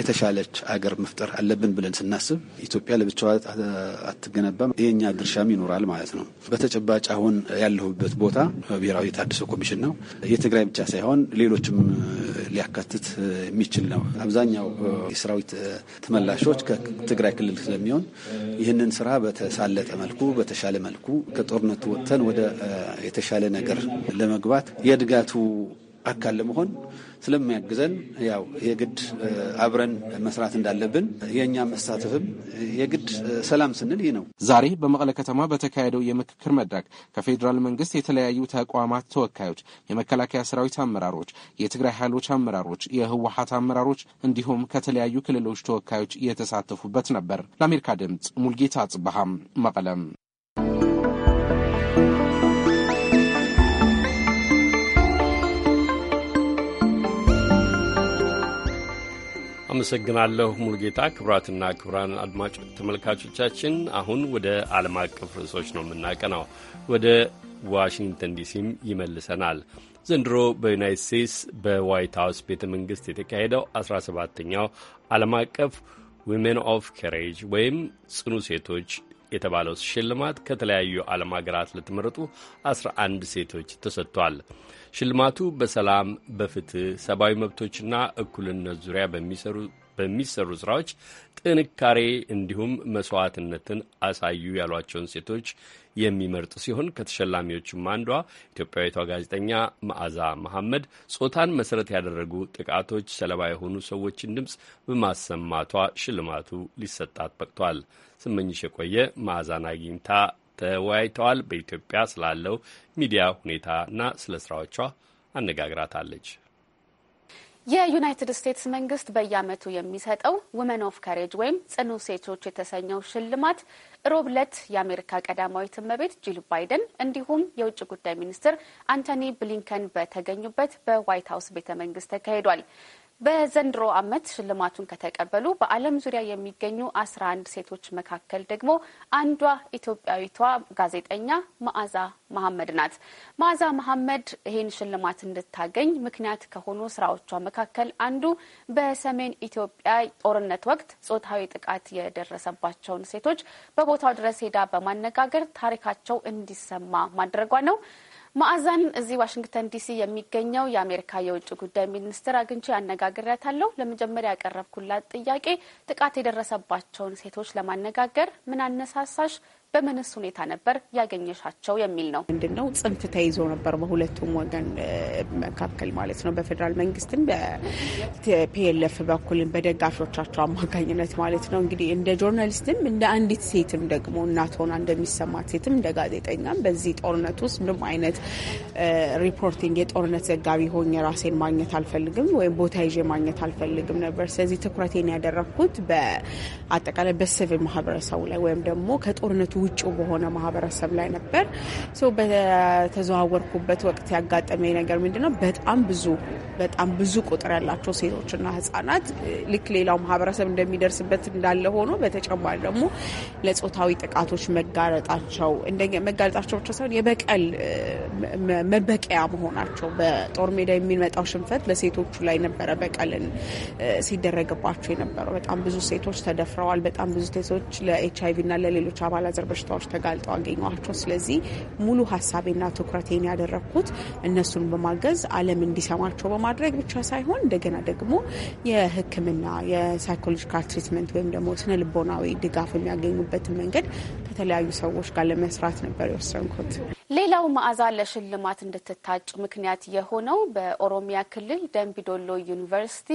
የተሻለች አገር መፍጠር አለብን ብለን ስናስብ ኢትዮጵያ ለብቻዋ አትገነባም። የእኛ ድርሻም ይኖራል ማለት ነው። በተጨባጭ አሁን ያለሁበት ቦታ ብሔራዊ የታደሰ ኮሚሽን ነው። የትግራይ ብቻ ሳይሆን ሌሎችም ሊያካትት የሚችል ነው። አብዛኛው የሰራዊት ተመላሾች ከትግራይ ክልል ስለሚሆን ይህንን ስራ በተሳለጠ መልኩ በተሻለ መልኩ ከጦርነቱ ወጥተን ወደ የተሻለ ነገር ለመግባት የድጋቱ አካል ለመሆን ስለሚያግዘን ያው የግድ አብረን መስራት እንዳለብን የእኛ መሳተፍም የግድ ሰላም ስንል ይህ ነው። ዛሬ በመቀለ ከተማ በተካሄደው የምክክር መድረክ ከፌዴራል መንግስት የተለያዩ ተቋማት ተወካዮች፣ የመከላከያ ሰራዊት አመራሮች፣ የትግራይ ኃይሎች አመራሮች፣ የህወሀት አመራሮች እንዲሁም ከተለያዩ ክልሎች ተወካዮች የተሳተፉበት ነበር። ለአሜሪካ ድምጽ ሙልጌታ ጽበሃም መቀለም አመሰግናለሁ ሙሉጌታ። ክቡራትና ክቡራን አድማጭ ተመልካቾቻችን፣ አሁን ወደ ዓለም አቀፍ ርዕሶች ነው የምናቀናው። ወደ ዋሽንግተን ዲሲም ይመልሰናል። ዘንድሮ በዩናይት ስቴትስ በዋይት ሀውስ ቤተ መንግሥት የተካሄደው 17ተኛው ዓለም አቀፍ ዊሜን ኦፍ ከሬጅ ወይም ጽኑ ሴቶች የተባለው ሽልማት ከተለያዩ ዓለም ሀገራት ለተመረጡ 11 ሴቶች ተሰጥቷል። ሽልማቱ በሰላም በፍትህ፣ ሰብአዊ መብቶችና እኩልነት ዙሪያ በሚሰሩ በሚሰሩ ስራዎች ጥንካሬ እንዲሁም መስዋዕትነትን አሳዩ ያሏቸውን ሴቶች የሚመርጡ ሲሆን ከተሸላሚዎቹም አንዷ ኢትዮጵያዊቷ ጋዜጠኛ መዓዛ መሐመድ ጾታን መሰረት ያደረጉ ጥቃቶች ሰለባ የሆኑ ሰዎችን ድምፅ በማሰማቷ ሽልማቱ ሊሰጣት በቅቷል። ስመኝሽ የቆየ መዓዛን አግኝታ ተወያይተዋል። በኢትዮጵያ ስላለው ሚዲያ ሁኔታና ስለ ስራዎቿ አነጋግራታለች። የዩናይትድ ስቴትስ መንግስት በየዓመቱ የሚሰጠው ውመን ኦፍ ካሬጅ ወይም ጽኑ ሴቶች የተሰኘው ሽልማት ሮብ ዕለት የአሜሪካ ቀዳማዊት እመቤት ጂል ባይደን እንዲሁም የውጭ ጉዳይ ሚኒስትር አንቶኒ ብሊንከን በተገኙበት በዋይት ሀውስ ቤተ መንግስት ተካሂዷል። በዘንድሮ ዓመት ሽልማቱን ከተቀበሉ በዓለም ዙሪያ የሚገኙ አስራ አንድ ሴቶች መካከል ደግሞ አንዷ ኢትዮጵያዊቷ ጋዜጠኛ መዓዛ መሐመድ ናት። መዓዛ መሐመድ ይህን ሽልማት እንድታገኝ ምክንያት ከሆኑ ስራዎቿ መካከል አንዱ በሰሜን ኢትዮጵያ ጦርነት ወቅት ጾታዊ ጥቃት የደረሰባቸውን ሴቶች በቦታው ድረስ ሄዳ በማነጋገር ታሪካቸው እንዲሰማ ማድረጓ ነው። ማዕዛንን እዚህ ዋሽንግተን ዲሲ የሚገኘው የአሜሪካ የውጭ ጉዳይ ሚኒስትር አግኝቼ አነጋግሬያታለሁ። ለመጀመሪያ ያቀረብኩላት ጥያቄ ጥቃት የደረሰባቸውን ሴቶች ለማነጋገር ምን አነሳሳሽ? በምንስ ሁኔታ ነበር ያገኘሻቸው የሚል ነው። ምንድነው ጽንፍ ተይዞ ነበር በሁለቱም ወገን መካከል ማለት ነው። በፌዴራል መንግስትም በፒኤልኤፍ በኩልም በደጋፊዎቻቸው አማካኝነት ማለት ነው። እንግዲህ እንደ ጆርናሊስትም እንደ አንዲት ሴትም ደግሞ እናት ሆና እንደሚሰማት ሴትም እንደ ጋዜጠኛም በዚህ ጦርነት ውስጥ ምንም አይነት ሪፖርቲንግ የጦርነት ዘጋቢ ሆኜ ራሴን ማግኘት አልፈልግም ወይም ቦታ ይዤ ማግኘት አልፈልግም ነበር። ስለዚህ ትኩረቴን ያደረግኩት በአጠቃላይ በሲቪል ማህበረሰቡ ላይ ወይም ደግሞ ከጦርነቱ ውጭ በሆነ ማህበረሰብ ላይ ነበር። በተዘዋወርኩበት ወቅት ያጋጠመ ነገር ምንድነው? በጣም ብዙ በጣም ብዙ ቁጥር ያላቸው ሴቶችና ህጻናት ልክ ሌላው ማህበረሰብ እንደሚደርስበት እንዳለ ሆኖ በተጨማሪ ደግሞ ለጾታዊ ጥቃቶች መጋለጣቸው መጋለጣቸው ብቻ ሳይሆን የበቀል መበቀያ መሆናቸው በጦር ሜዳ የሚመጣው ሽንፈት በሴቶቹ ላይ ነበረ በቀልን ሲደረግባቸው የነበረው። በጣም ብዙ ሴቶች ተደፍረዋል። በጣም ብዙ ሴቶች ለኤች አይቪ እና ለሌሎች አባላዘር በሽታዎች ተጋልጠው አገኘኋቸው። ስለዚህ ሙሉ ሀሳቤና ትኩረቴን ያደረግኩት እነሱን በማገዝ ዓለም እንዲሰማቸው በማድረግ ብቻ ሳይሆን እንደገና ደግሞ የሕክምና የሳይኮሎጂካል ትሪትመንት ወይም ደግሞ ስነ ልቦናዊ ድጋፍ የሚያገኙበትን መንገድ ከተለያዩ ሰዎች ጋር ለመስራት ነበር የወሰንኩት። ሌላው መዓዛ ለሽልማት እንድትታጭ ምክንያት የሆነው በኦሮሚያ ክልል ደንቢዶሎ ዩኒቨርሲቲ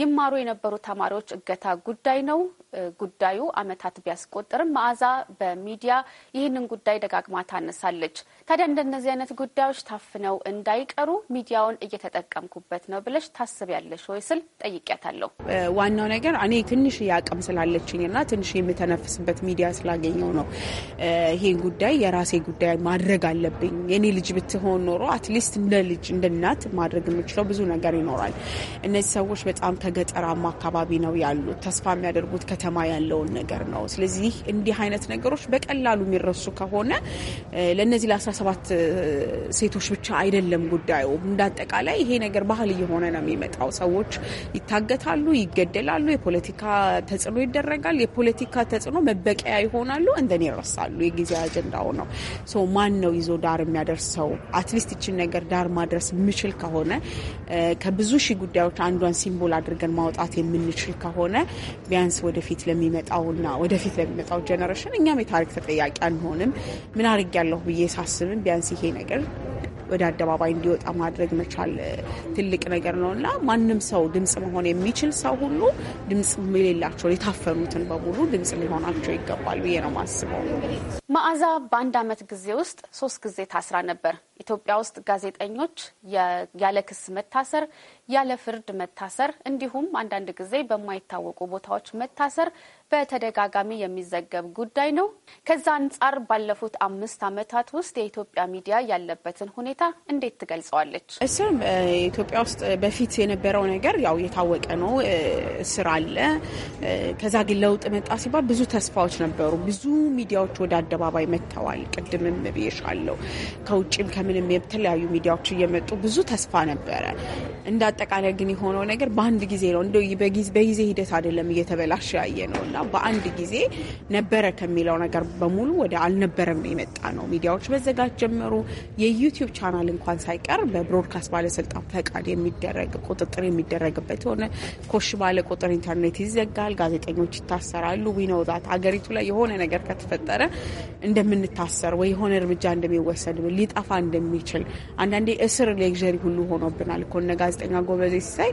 ይማሩ የነበሩ ተማሪዎች እገታ ጉዳይ ነው። ጉዳዩ ዓመታት ቢያስቆጥርም መዓዛ በሚዲያ ይህንን ጉዳይ ደጋግማ ታነሳለች። ታዲያ እንደነዚህ አይነት ጉዳዮች ታፍነው እንዳይቀሩ ሚዲያውን እየተጠቀምኩበት ነው ብለሽ ታስቢያለሽ ወይ ስል ጠይቄያታለሁ። ዋናው ነገር እኔ ትንሽ አቅም ስላለችኝና ትንሽ የምተነፍስበት ሚዲያ ስላገኘው ነው ይሄን ጉዳይ የራሴ ጉዳይ ማድረግ አለብኝ። የኔ ልጅ ብትሆን ኖሮ አትሊስት እንደ ልጅ እንደ እናት ማድረግ የምችለው ብዙ ነገር ይኖራል። እነዚህ ሰዎች በጣም ከገጠራማ አካባቢ ነው ያሉት። ተስፋ የሚያደርጉት ከተማ ያለውን ነገር ነው። ስለዚህ እንዲህ አይነት ነገሮች በቀላሉ የሚረሱ ከሆነ ለእነዚህ ለ ሰባት ሴቶች ብቻ አይደለም ጉዳዩ። እንዳጠቃላይ ይሄ ነገር ባህል እየሆነ ነው የሚመጣው። ሰዎች ይታገታሉ፣ ይገደላሉ፣ የፖለቲካ ተጽዕኖ ይደረጋል። የፖለቲካ ተጽዕኖ መበቀያ ይሆናሉ፣ እንደኔ ይረሳሉ። የጊዜ አጀንዳው ነው። ማን ነው ይዞ ዳር የሚያደርሰው? አትሊስት ይችን ነገር ዳር ማድረስ የምችል ከሆነ ከብዙ ሺህ ጉዳዮች አንዷን ሲምቦል አድርገን ማውጣት የምንችል ከሆነ ቢያንስ ወደፊት ለሚመጣውና ወደፊት ለሚመጣው ጀነሬሽን እኛም የታሪክ ተጠያቂ አንሆንም። ምን አድርግ ያለሁ ብዬ ሳስብ ህዝብን ቢያንስ ይሄ ነገር ወደ አደባባይ እንዲወጣ ማድረግ መቻል ትልቅ ነገር ነው እና ማንም ሰው ድምጽ መሆን የሚችል ሰው ሁሉ ድምጽ የሌላቸውን የታፈኑትን በሙሉ ድምጽ ሊሆናቸው ይገባል ብዬ ነው ማስበው። መዓዛ በአንድ አመት ጊዜ ውስጥ ሶስት ጊዜ ታስራ ነበር። ኢትዮጵያ ውስጥ ጋዜጠኞች ያለ ክስ መታሰር፣ ያለ ፍርድ መታሰር እንዲሁም አንዳንድ ጊዜ በማይታወቁ ቦታዎች መታሰር በተደጋጋሚ የሚዘገብ ጉዳይ ነው። ከዛ አንጻር ባለፉት አምስት ዓመታት ውስጥ የኢትዮጵያ ሚዲያ ያለበትን ሁኔታ እንዴት ትገልጸዋለች? እስር ኢትዮጵያ ውስጥ በፊት የነበረው ነገር ያው የታወቀ ነው። እስር አለ። ከዛ ግን ለውጥ መጣ ሲባል ብዙ ተስፋዎች ነበሩ። ብዙ ሚዲያዎች ወደ አደባባይ መጥተዋል። ቅድምም ብዬሻለሁ። ከውጭም ከምንም የተለያዩ ሚዲያዎች እየመጡ ብዙ ተስፋ ነበረ። እንደ ግን የሆነው ነገር በአንድ ጊዜ ነው። እንደ በጊዜ ሂደት አይደለም እየተበላሸ ያየ ነው። እና በአንድ ጊዜ ነበረ ከሚለው ነገር በሙሉ ወደ አልነበረም ነው የመጣ ነው። ሚዲያዎች መዘጋት ጀመሩ። የዩቲዩብ ቻናል እንኳን ሳይቀር በብሮድካስት ባለስልጣን ፈቃድ የሚደረግ ቁጥጥር የሚደረግበት የሆነ ኮሽ ባለ ቁጥር ኢንተርኔት ይዘጋል፣ ጋዜጠኞች ይታሰራሉ። ዊነውዛት አገሪቱ ላይ የሆነ ነገር ከተፈጠረ እንደምንታሰር ወይ የሆነ እርምጃ እንደሚወሰድ ሊጠፋ እንደሚችል አንዳንዴ እስር ሌክዠሪ ሁሉ ሆኖብናል ኮነ ጋዜጠኛ ጎበዜ ሲሳይ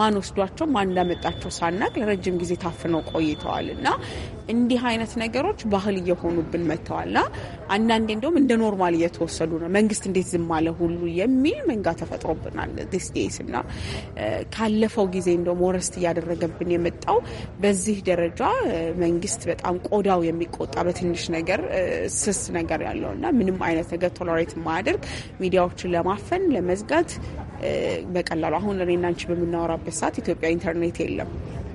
ማን ወስዷቸው ማን እንዳመጣቸው ሳናቅ ለረጅም ጊዜ ታፍነው ቆይተዋል። ተደርገዋል እና እንዲህ አይነት ነገሮች ባህል እየሆኑብን ና አንዳንዴ እንደውም እንደ ኖርማል እየተወሰዱ ነው። መንግስት እንዴት ዝም አለ ሁሉ የሚል መንጋ ተፈጥሮብናል ዲስዴይስ እና ካለፈው ጊዜ እንደውም ወረስት እያደረገብን የመጣው በዚህ ደረጃ መንግስት በጣም ቆዳው የሚቆጣ በትንሽ ነገር ስስ ነገር ያለው እና ምንም አይነት ነገር ቶለሬት የማያደርግ ሚዲያዎችን ለማፈን ለመዝጋት በቀላሉ አሁን እኔና አንቺ በምናወራበት ሰዓት ኢትዮጵያ ኢንተርኔት የለም።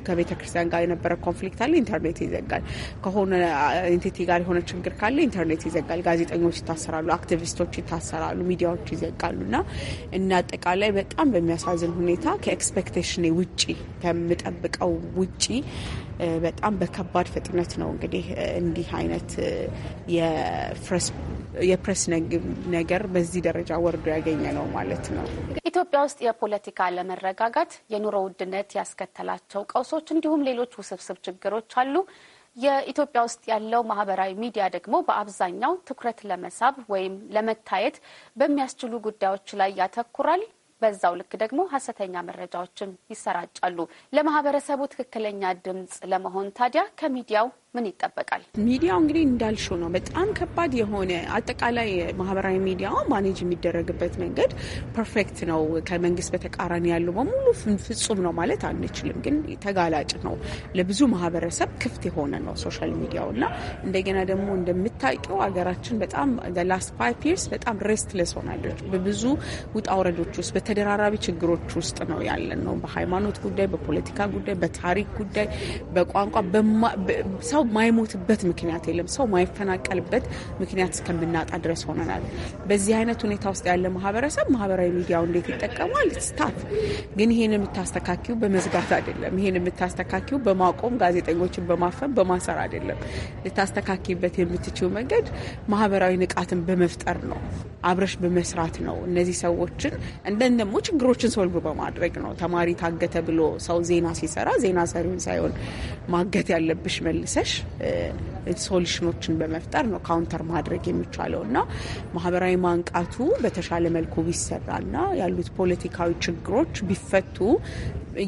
ከቤተ ክርስቲያን ጋር የነበረ ኮንፍሊክት አለ፣ ኢንተርኔት ይዘጋል። ከሆነ ኢንቲቲ ጋር የሆነ ችግር ካለ ኢንተርኔት ይዘጋል። ጋዜጠኞች ይታሰራሉ፣ አክቲቪስቶች ይታሰራሉ፣ ሚዲያዎች ይዘጋሉ እና እና አጠቃላይ በጣም በሚያሳዝን ሁኔታ ከኤክስፔክቴሽን ውጪ ከምጠብቀው ውጪ በጣም በከባድ ፍጥነት ነው እንግዲህ እንዲህ አይነት የፕሬስ ነገር በዚህ ደረጃ ወርዶ ያገኘ ነው ማለት ነው። ኢትዮጵያ ውስጥ የፖለቲካ አለመረጋጋት፣ የኑሮ ውድነት ያስከተላቸው ቀውሶች እንዲሁም ሌሎች ውስብስብ ችግሮች አሉ። የኢትዮጵያ ውስጥ ያለው ማህበራዊ ሚዲያ ደግሞ በአብዛኛው ትኩረት ለመሳብ ወይም ለመታየት በሚያስችሉ ጉዳዮች ላይ ያተኩራል። በዛው ልክ ደግሞ ሀሰተኛ መረጃዎችም ይሰራጫሉ። ለማህበረሰቡ ትክክለኛ ድምጽ ለመሆን ታዲያ ከሚዲያው ምን ይጠበቃል? ሚዲያው እንግዲህ እንዳልሽው ነው። በጣም ከባድ የሆነ አጠቃላይ ማህበራዊ ሚዲያው ማኔጅ የሚደረግበት መንገድ ፐርፌክት ነው። ከመንግስት በተቃራኒ ያሉ በሙሉ ፍጹም ነው ማለት አንችልም፣ ግን ተጋላጭ ነው። ለብዙ ማህበረሰብ ክፍት የሆነ ነው ሶሻል ሚዲያው እና እንደገና ደግሞ እንደምታውቂው ሀገራችን በጣም ላስት ፋይቭ ይርስ በጣም ሬስትለስ ሆናለች። በብዙ ውጣ ውረዶች ውስጥ በተደራራቢ ችግሮች ውስጥ ነው ያለን ነው። በሃይማኖት ጉዳይ፣ በፖለቲካ ጉዳይ፣ በታሪክ ጉዳይ፣ በቋንቋ ሰው ማይሞትበት ምክንያት የለም። ሰው ማይፈናቀልበት ምክንያት እስከምናጣ ድረስ ሆነናል። በዚህ አይነት ሁኔታ ውስጥ ያለ ማህበረሰብ ማህበራዊ ሚዲያው እንዴት ይጠቀማል? ስታፍ ግን ይሄን የምታስተካኪው በመዝጋት አይደለም። ይሄን የምታስተካኪው በማቆም ጋዜጠኞችን በማፈን በማሰር አይደለም። ልታስተካኪበት የምትችው መንገድ ማህበራዊ ንቃትን በመፍጠር ነው። አብረሽ በመስራት ነው። እነዚህ ሰዎችን እንደን ደግሞ ችግሮችን ሶልቭ በማድረግ ነው። ተማሪ ታገተ ብሎ ሰው ዜና ሲሰራ ዜና ሰሪውን ሳይሆን ማገት ያለብሽ መልሰሽ ሶሉሽኖችን በመፍጠር ነው ካውንተር ማድረግ የሚቻለው እና ማህበራዊ ማንቃቱ በተሻለ መልኩ ቢሰራና ያሉት ፖለቲካዊ ችግሮች ቢፈቱ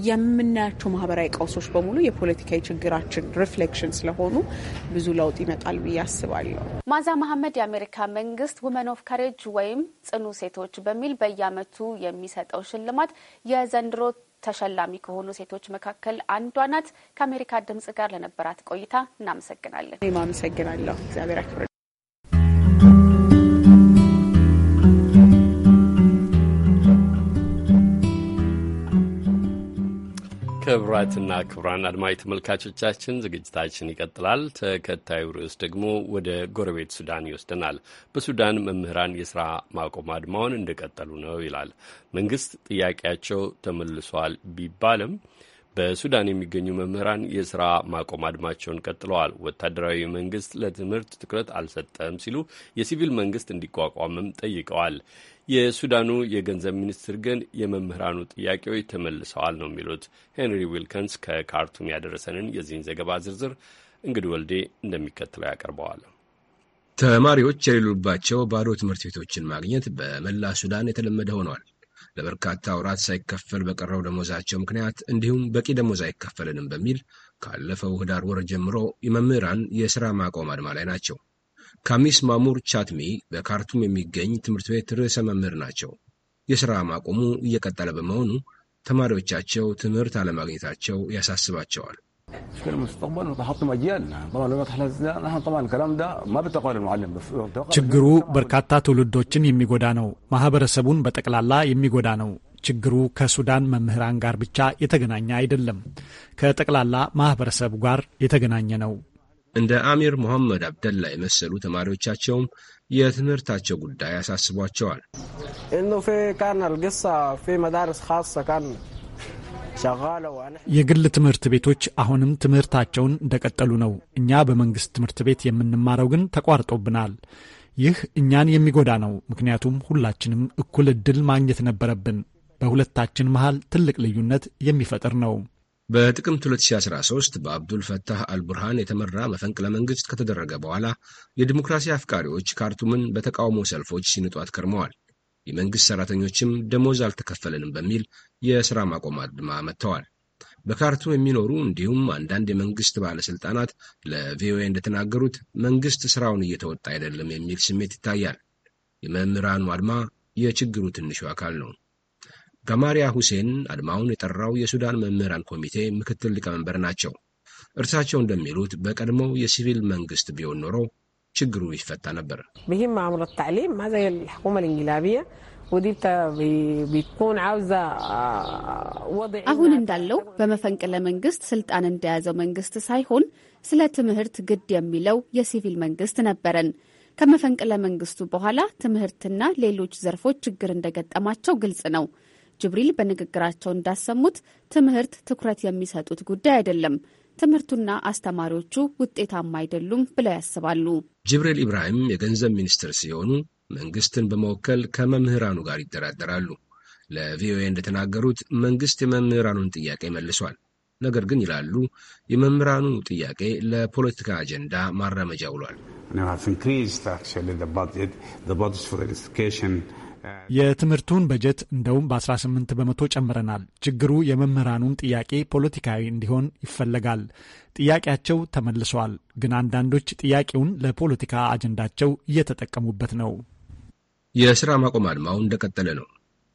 የምናያቸው ማህበራዊ ቀውሶች በሙሉ የፖለቲካዊ ችግራችን ሪፍሌክሽን ስለሆኑ ብዙ ለውጥ ይመጣል ብዬ አስባለሁ። ማዛ መሐመድ የአሜሪካ መንግስት ውመን ኦፍ ከሬጅ ወይም ጽኑ ሴቶች በሚል በየአመቱ የሚሰጠው ሽልማት የዘንድሮ ተሸላሚ ከሆኑ ሴቶች መካከል አንዷ ናት። ከአሜሪካ ድምጽ ጋር ለነበራት ቆይታ እናመሰግናለን። እኔም አመሰግናለሁ። እግዚአብሔር ያክብር። ክብራትና ክብራን አድማዊ ተመልካቾቻችን ዝግጅታችን ይቀጥላል። ተከታዩ ርዕስ ደግሞ ወደ ጎረቤት ሱዳን ይወስደናል። በሱዳን መምህራን የስራ ማቆም አድማውን እንደቀጠሉ ነው ይላል። መንግስት ጥያቄያቸው ተመልሷል ቢባልም በሱዳን የሚገኙ መምህራን የስራ ማቆም አድማቸውን ቀጥለዋል። ወታደራዊ መንግስት ለትምህርት ትኩረት አልሰጠም ሲሉ የሲቪል መንግስት እንዲቋቋምም ጠይቀዋል። የሱዳኑ የገንዘብ ሚኒስትር ግን የመምህራኑ ጥያቄዎች ተመልሰዋል ነው የሚሉት። ሄንሪ ዊልከንስ ከካርቱም ያደረሰንን የዚህን ዘገባ ዝርዝር እንግዲህ ወልዴ እንደሚከተለው ያቀርበዋል። ተማሪዎች የሌሉባቸው ባዶ ትምህርት ቤቶችን ማግኘት በመላ ሱዳን የተለመደ ሆኗል። ለበርካታ ወራት ሳይከፈል በቀረው ደሞዛቸው ምክንያት እንዲሁም በቂ ደሞዝ አይከፈልንም በሚል ካለፈው ህዳር ወር ጀምሮ የመምህራን የሥራ ማቆም አድማ ላይ ናቸው። ካሚስ ማሙር ቻትሚ በካርቱም የሚገኝ ትምህርት ቤት ርዕሰ መምህር ናቸው። የሥራ ማቆሙ እየቀጠለ በመሆኑ ተማሪዎቻቸው ትምህርት አለማግኘታቸው ያሳስባቸዋል። ችግሩ በርካታ ትውልዶችን የሚጎዳ ነው። ማህበረሰቡን በጠቅላላ የሚጎዳ ነው። ችግሩ ከሱዳን መምህራን ጋር ብቻ የተገናኘ አይደለም፣ ከጠቅላላ ማህበረሰብ ጋር የተገናኘ ነው። እንደ አሚር ሞሐመድ አብደላ የመሰሉ ተማሪዎቻቸውም የትምህርታቸው ጉዳይ አሳስቧቸዋል። የግል ትምህርት ቤቶች አሁንም ትምህርታቸውን እንደቀጠሉ ነው። እኛ በመንግስት ትምህርት ቤት የምንማረው ግን ተቋርጦብናል። ይህ እኛን የሚጎዳ ነው። ምክንያቱም ሁላችንም እኩል እድል ማግኘት ነበረብን። በሁለታችን መሃል ትልቅ ልዩነት የሚፈጥር ነው። በጥቅምት 2013 በአብዱልፈታህ አልቡርሃን የተመራ መፈንቅለ ለመንግስት ከተደረገ በኋላ የዲሞክራሲ አፍቃሪዎች ካርቱምን በተቃውሞ ሰልፎች ሲንጧት ከርመዋል። የመንግስት ሰራተኞችም ደሞዝ አልተከፈለንም በሚል የሥራ ማቆም አድማ መጥተዋል። በካርቱም የሚኖሩ እንዲሁም አንዳንድ የመንግሥት ባለሥልጣናት ለቪኦኤ እንደተናገሩት መንግሥት ሥራውን እየተወጣ አይደለም የሚል ስሜት ይታያል። የመምህራኑ አድማ የችግሩ ትንሹ አካል ነው። ጋማሪያ ሁሴን አድማውን የጠራው የሱዳን መምህራን ኮሚቴ ምክትል ሊቀመንበር ናቸው። እርሳቸው እንደሚሉት በቀድሞው የሲቪል መንግስት ቢሆን ኖሮ ችግሩ ይፈታ ነበር። አሁን እንዳለው በመፈንቅለ መንግስት ስልጣን እንደያዘው መንግስት ሳይሆን ስለ ትምህርት ግድ የሚለው የሲቪል መንግስት ነበረን። ከመፈንቅለ መንግስቱ በኋላ ትምህርትና ሌሎች ዘርፎች ችግር እንደገጠማቸው ግልጽ ነው። ጅብሪል በንግግራቸው እንዳሰሙት ትምህርት ትኩረት የሚሰጡት ጉዳይ አይደለም። ትምህርቱና አስተማሪዎቹ ውጤታማ አይደሉም ብለው ያስባሉ። ጅብሪል ኢብራሂም የገንዘብ ሚኒስትር ሲሆኑ መንግስትን በመወከል ከመምህራኑ ጋር ይደራደራሉ። ለቪኦኤ እንደተናገሩት መንግስት የመምህራኑን ጥያቄ መልሷል። ነገር ግን ይላሉ የመምህራኑ ጥያቄ ለፖለቲካ አጀንዳ ማራመጃ ውሏል። የትምህርቱን በጀት እንደውም በ18 በመቶ ጨምረናል። ችግሩ የመምህራኑን ጥያቄ ፖለቲካዊ እንዲሆን ይፈለጋል። ጥያቄያቸው ተመልሰዋል ግን አንዳንዶች ጥያቄውን ለፖለቲካ አጀንዳቸው እየተጠቀሙበት ነው። የስራ ማቆም አድማው እንደቀጠለ ነው።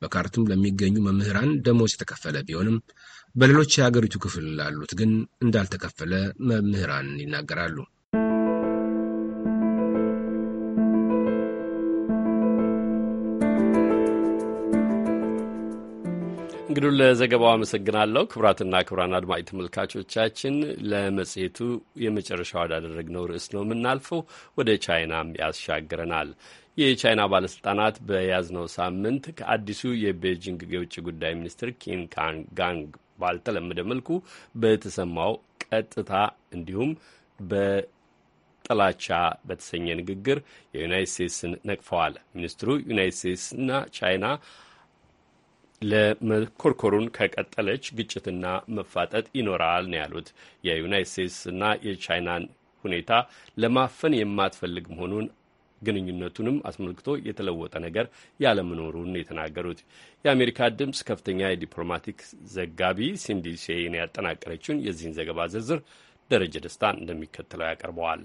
በካርቱም ለሚገኙ መምህራን ደሞዝ የተከፈለ ቢሆንም በሌሎች የአገሪቱ ክፍል ላሉት ግን እንዳልተከፈለ መምህራን ይናገራሉ። እንግዲህ ለዘገባው አመሰግናለሁ። ክቡራትና ክቡራን አድማጭ ተመልካቾቻችን ለመጽሔቱ የመጨረሻ ወዳደረግነው ርዕስ ነው የምናልፈው። ወደ ቻይናም ያስሻግረናል። የቻይና ባለስልጣናት በያዝነው ሳምንት ከአዲሱ የቤጂንግ የውጭ ጉዳይ ሚኒስትር ኪም ጋንግ ባልተለመደ መልኩ በተሰማው ቀጥታ እንዲሁም በጥላቻ በተሰኘ ንግግር የዩናይት ስቴትስን ነቅፈዋል። ሚኒስትሩ ዩናይት ስቴትስና ቻይና ለመኮርኮሩን ከቀጠለች ግጭትና መፋጠጥ ይኖራል ነው ያሉት። የዩናይት ስቴትስና የቻይናን ሁኔታ ለማፈን የማትፈልግ መሆኑን ግንኙነቱንም አስመልክቶ የተለወጠ ነገር ያለመኖሩን የተናገሩት የአሜሪካ ድምፅ ከፍተኛ የዲፕሎማቲክ ዘጋቢ ሲንዲ ሴይን ያጠናቀረችውን የዚህን ዘገባ ዝርዝር ደረጀ ደስታ እንደሚከተለው ያቀርበዋል።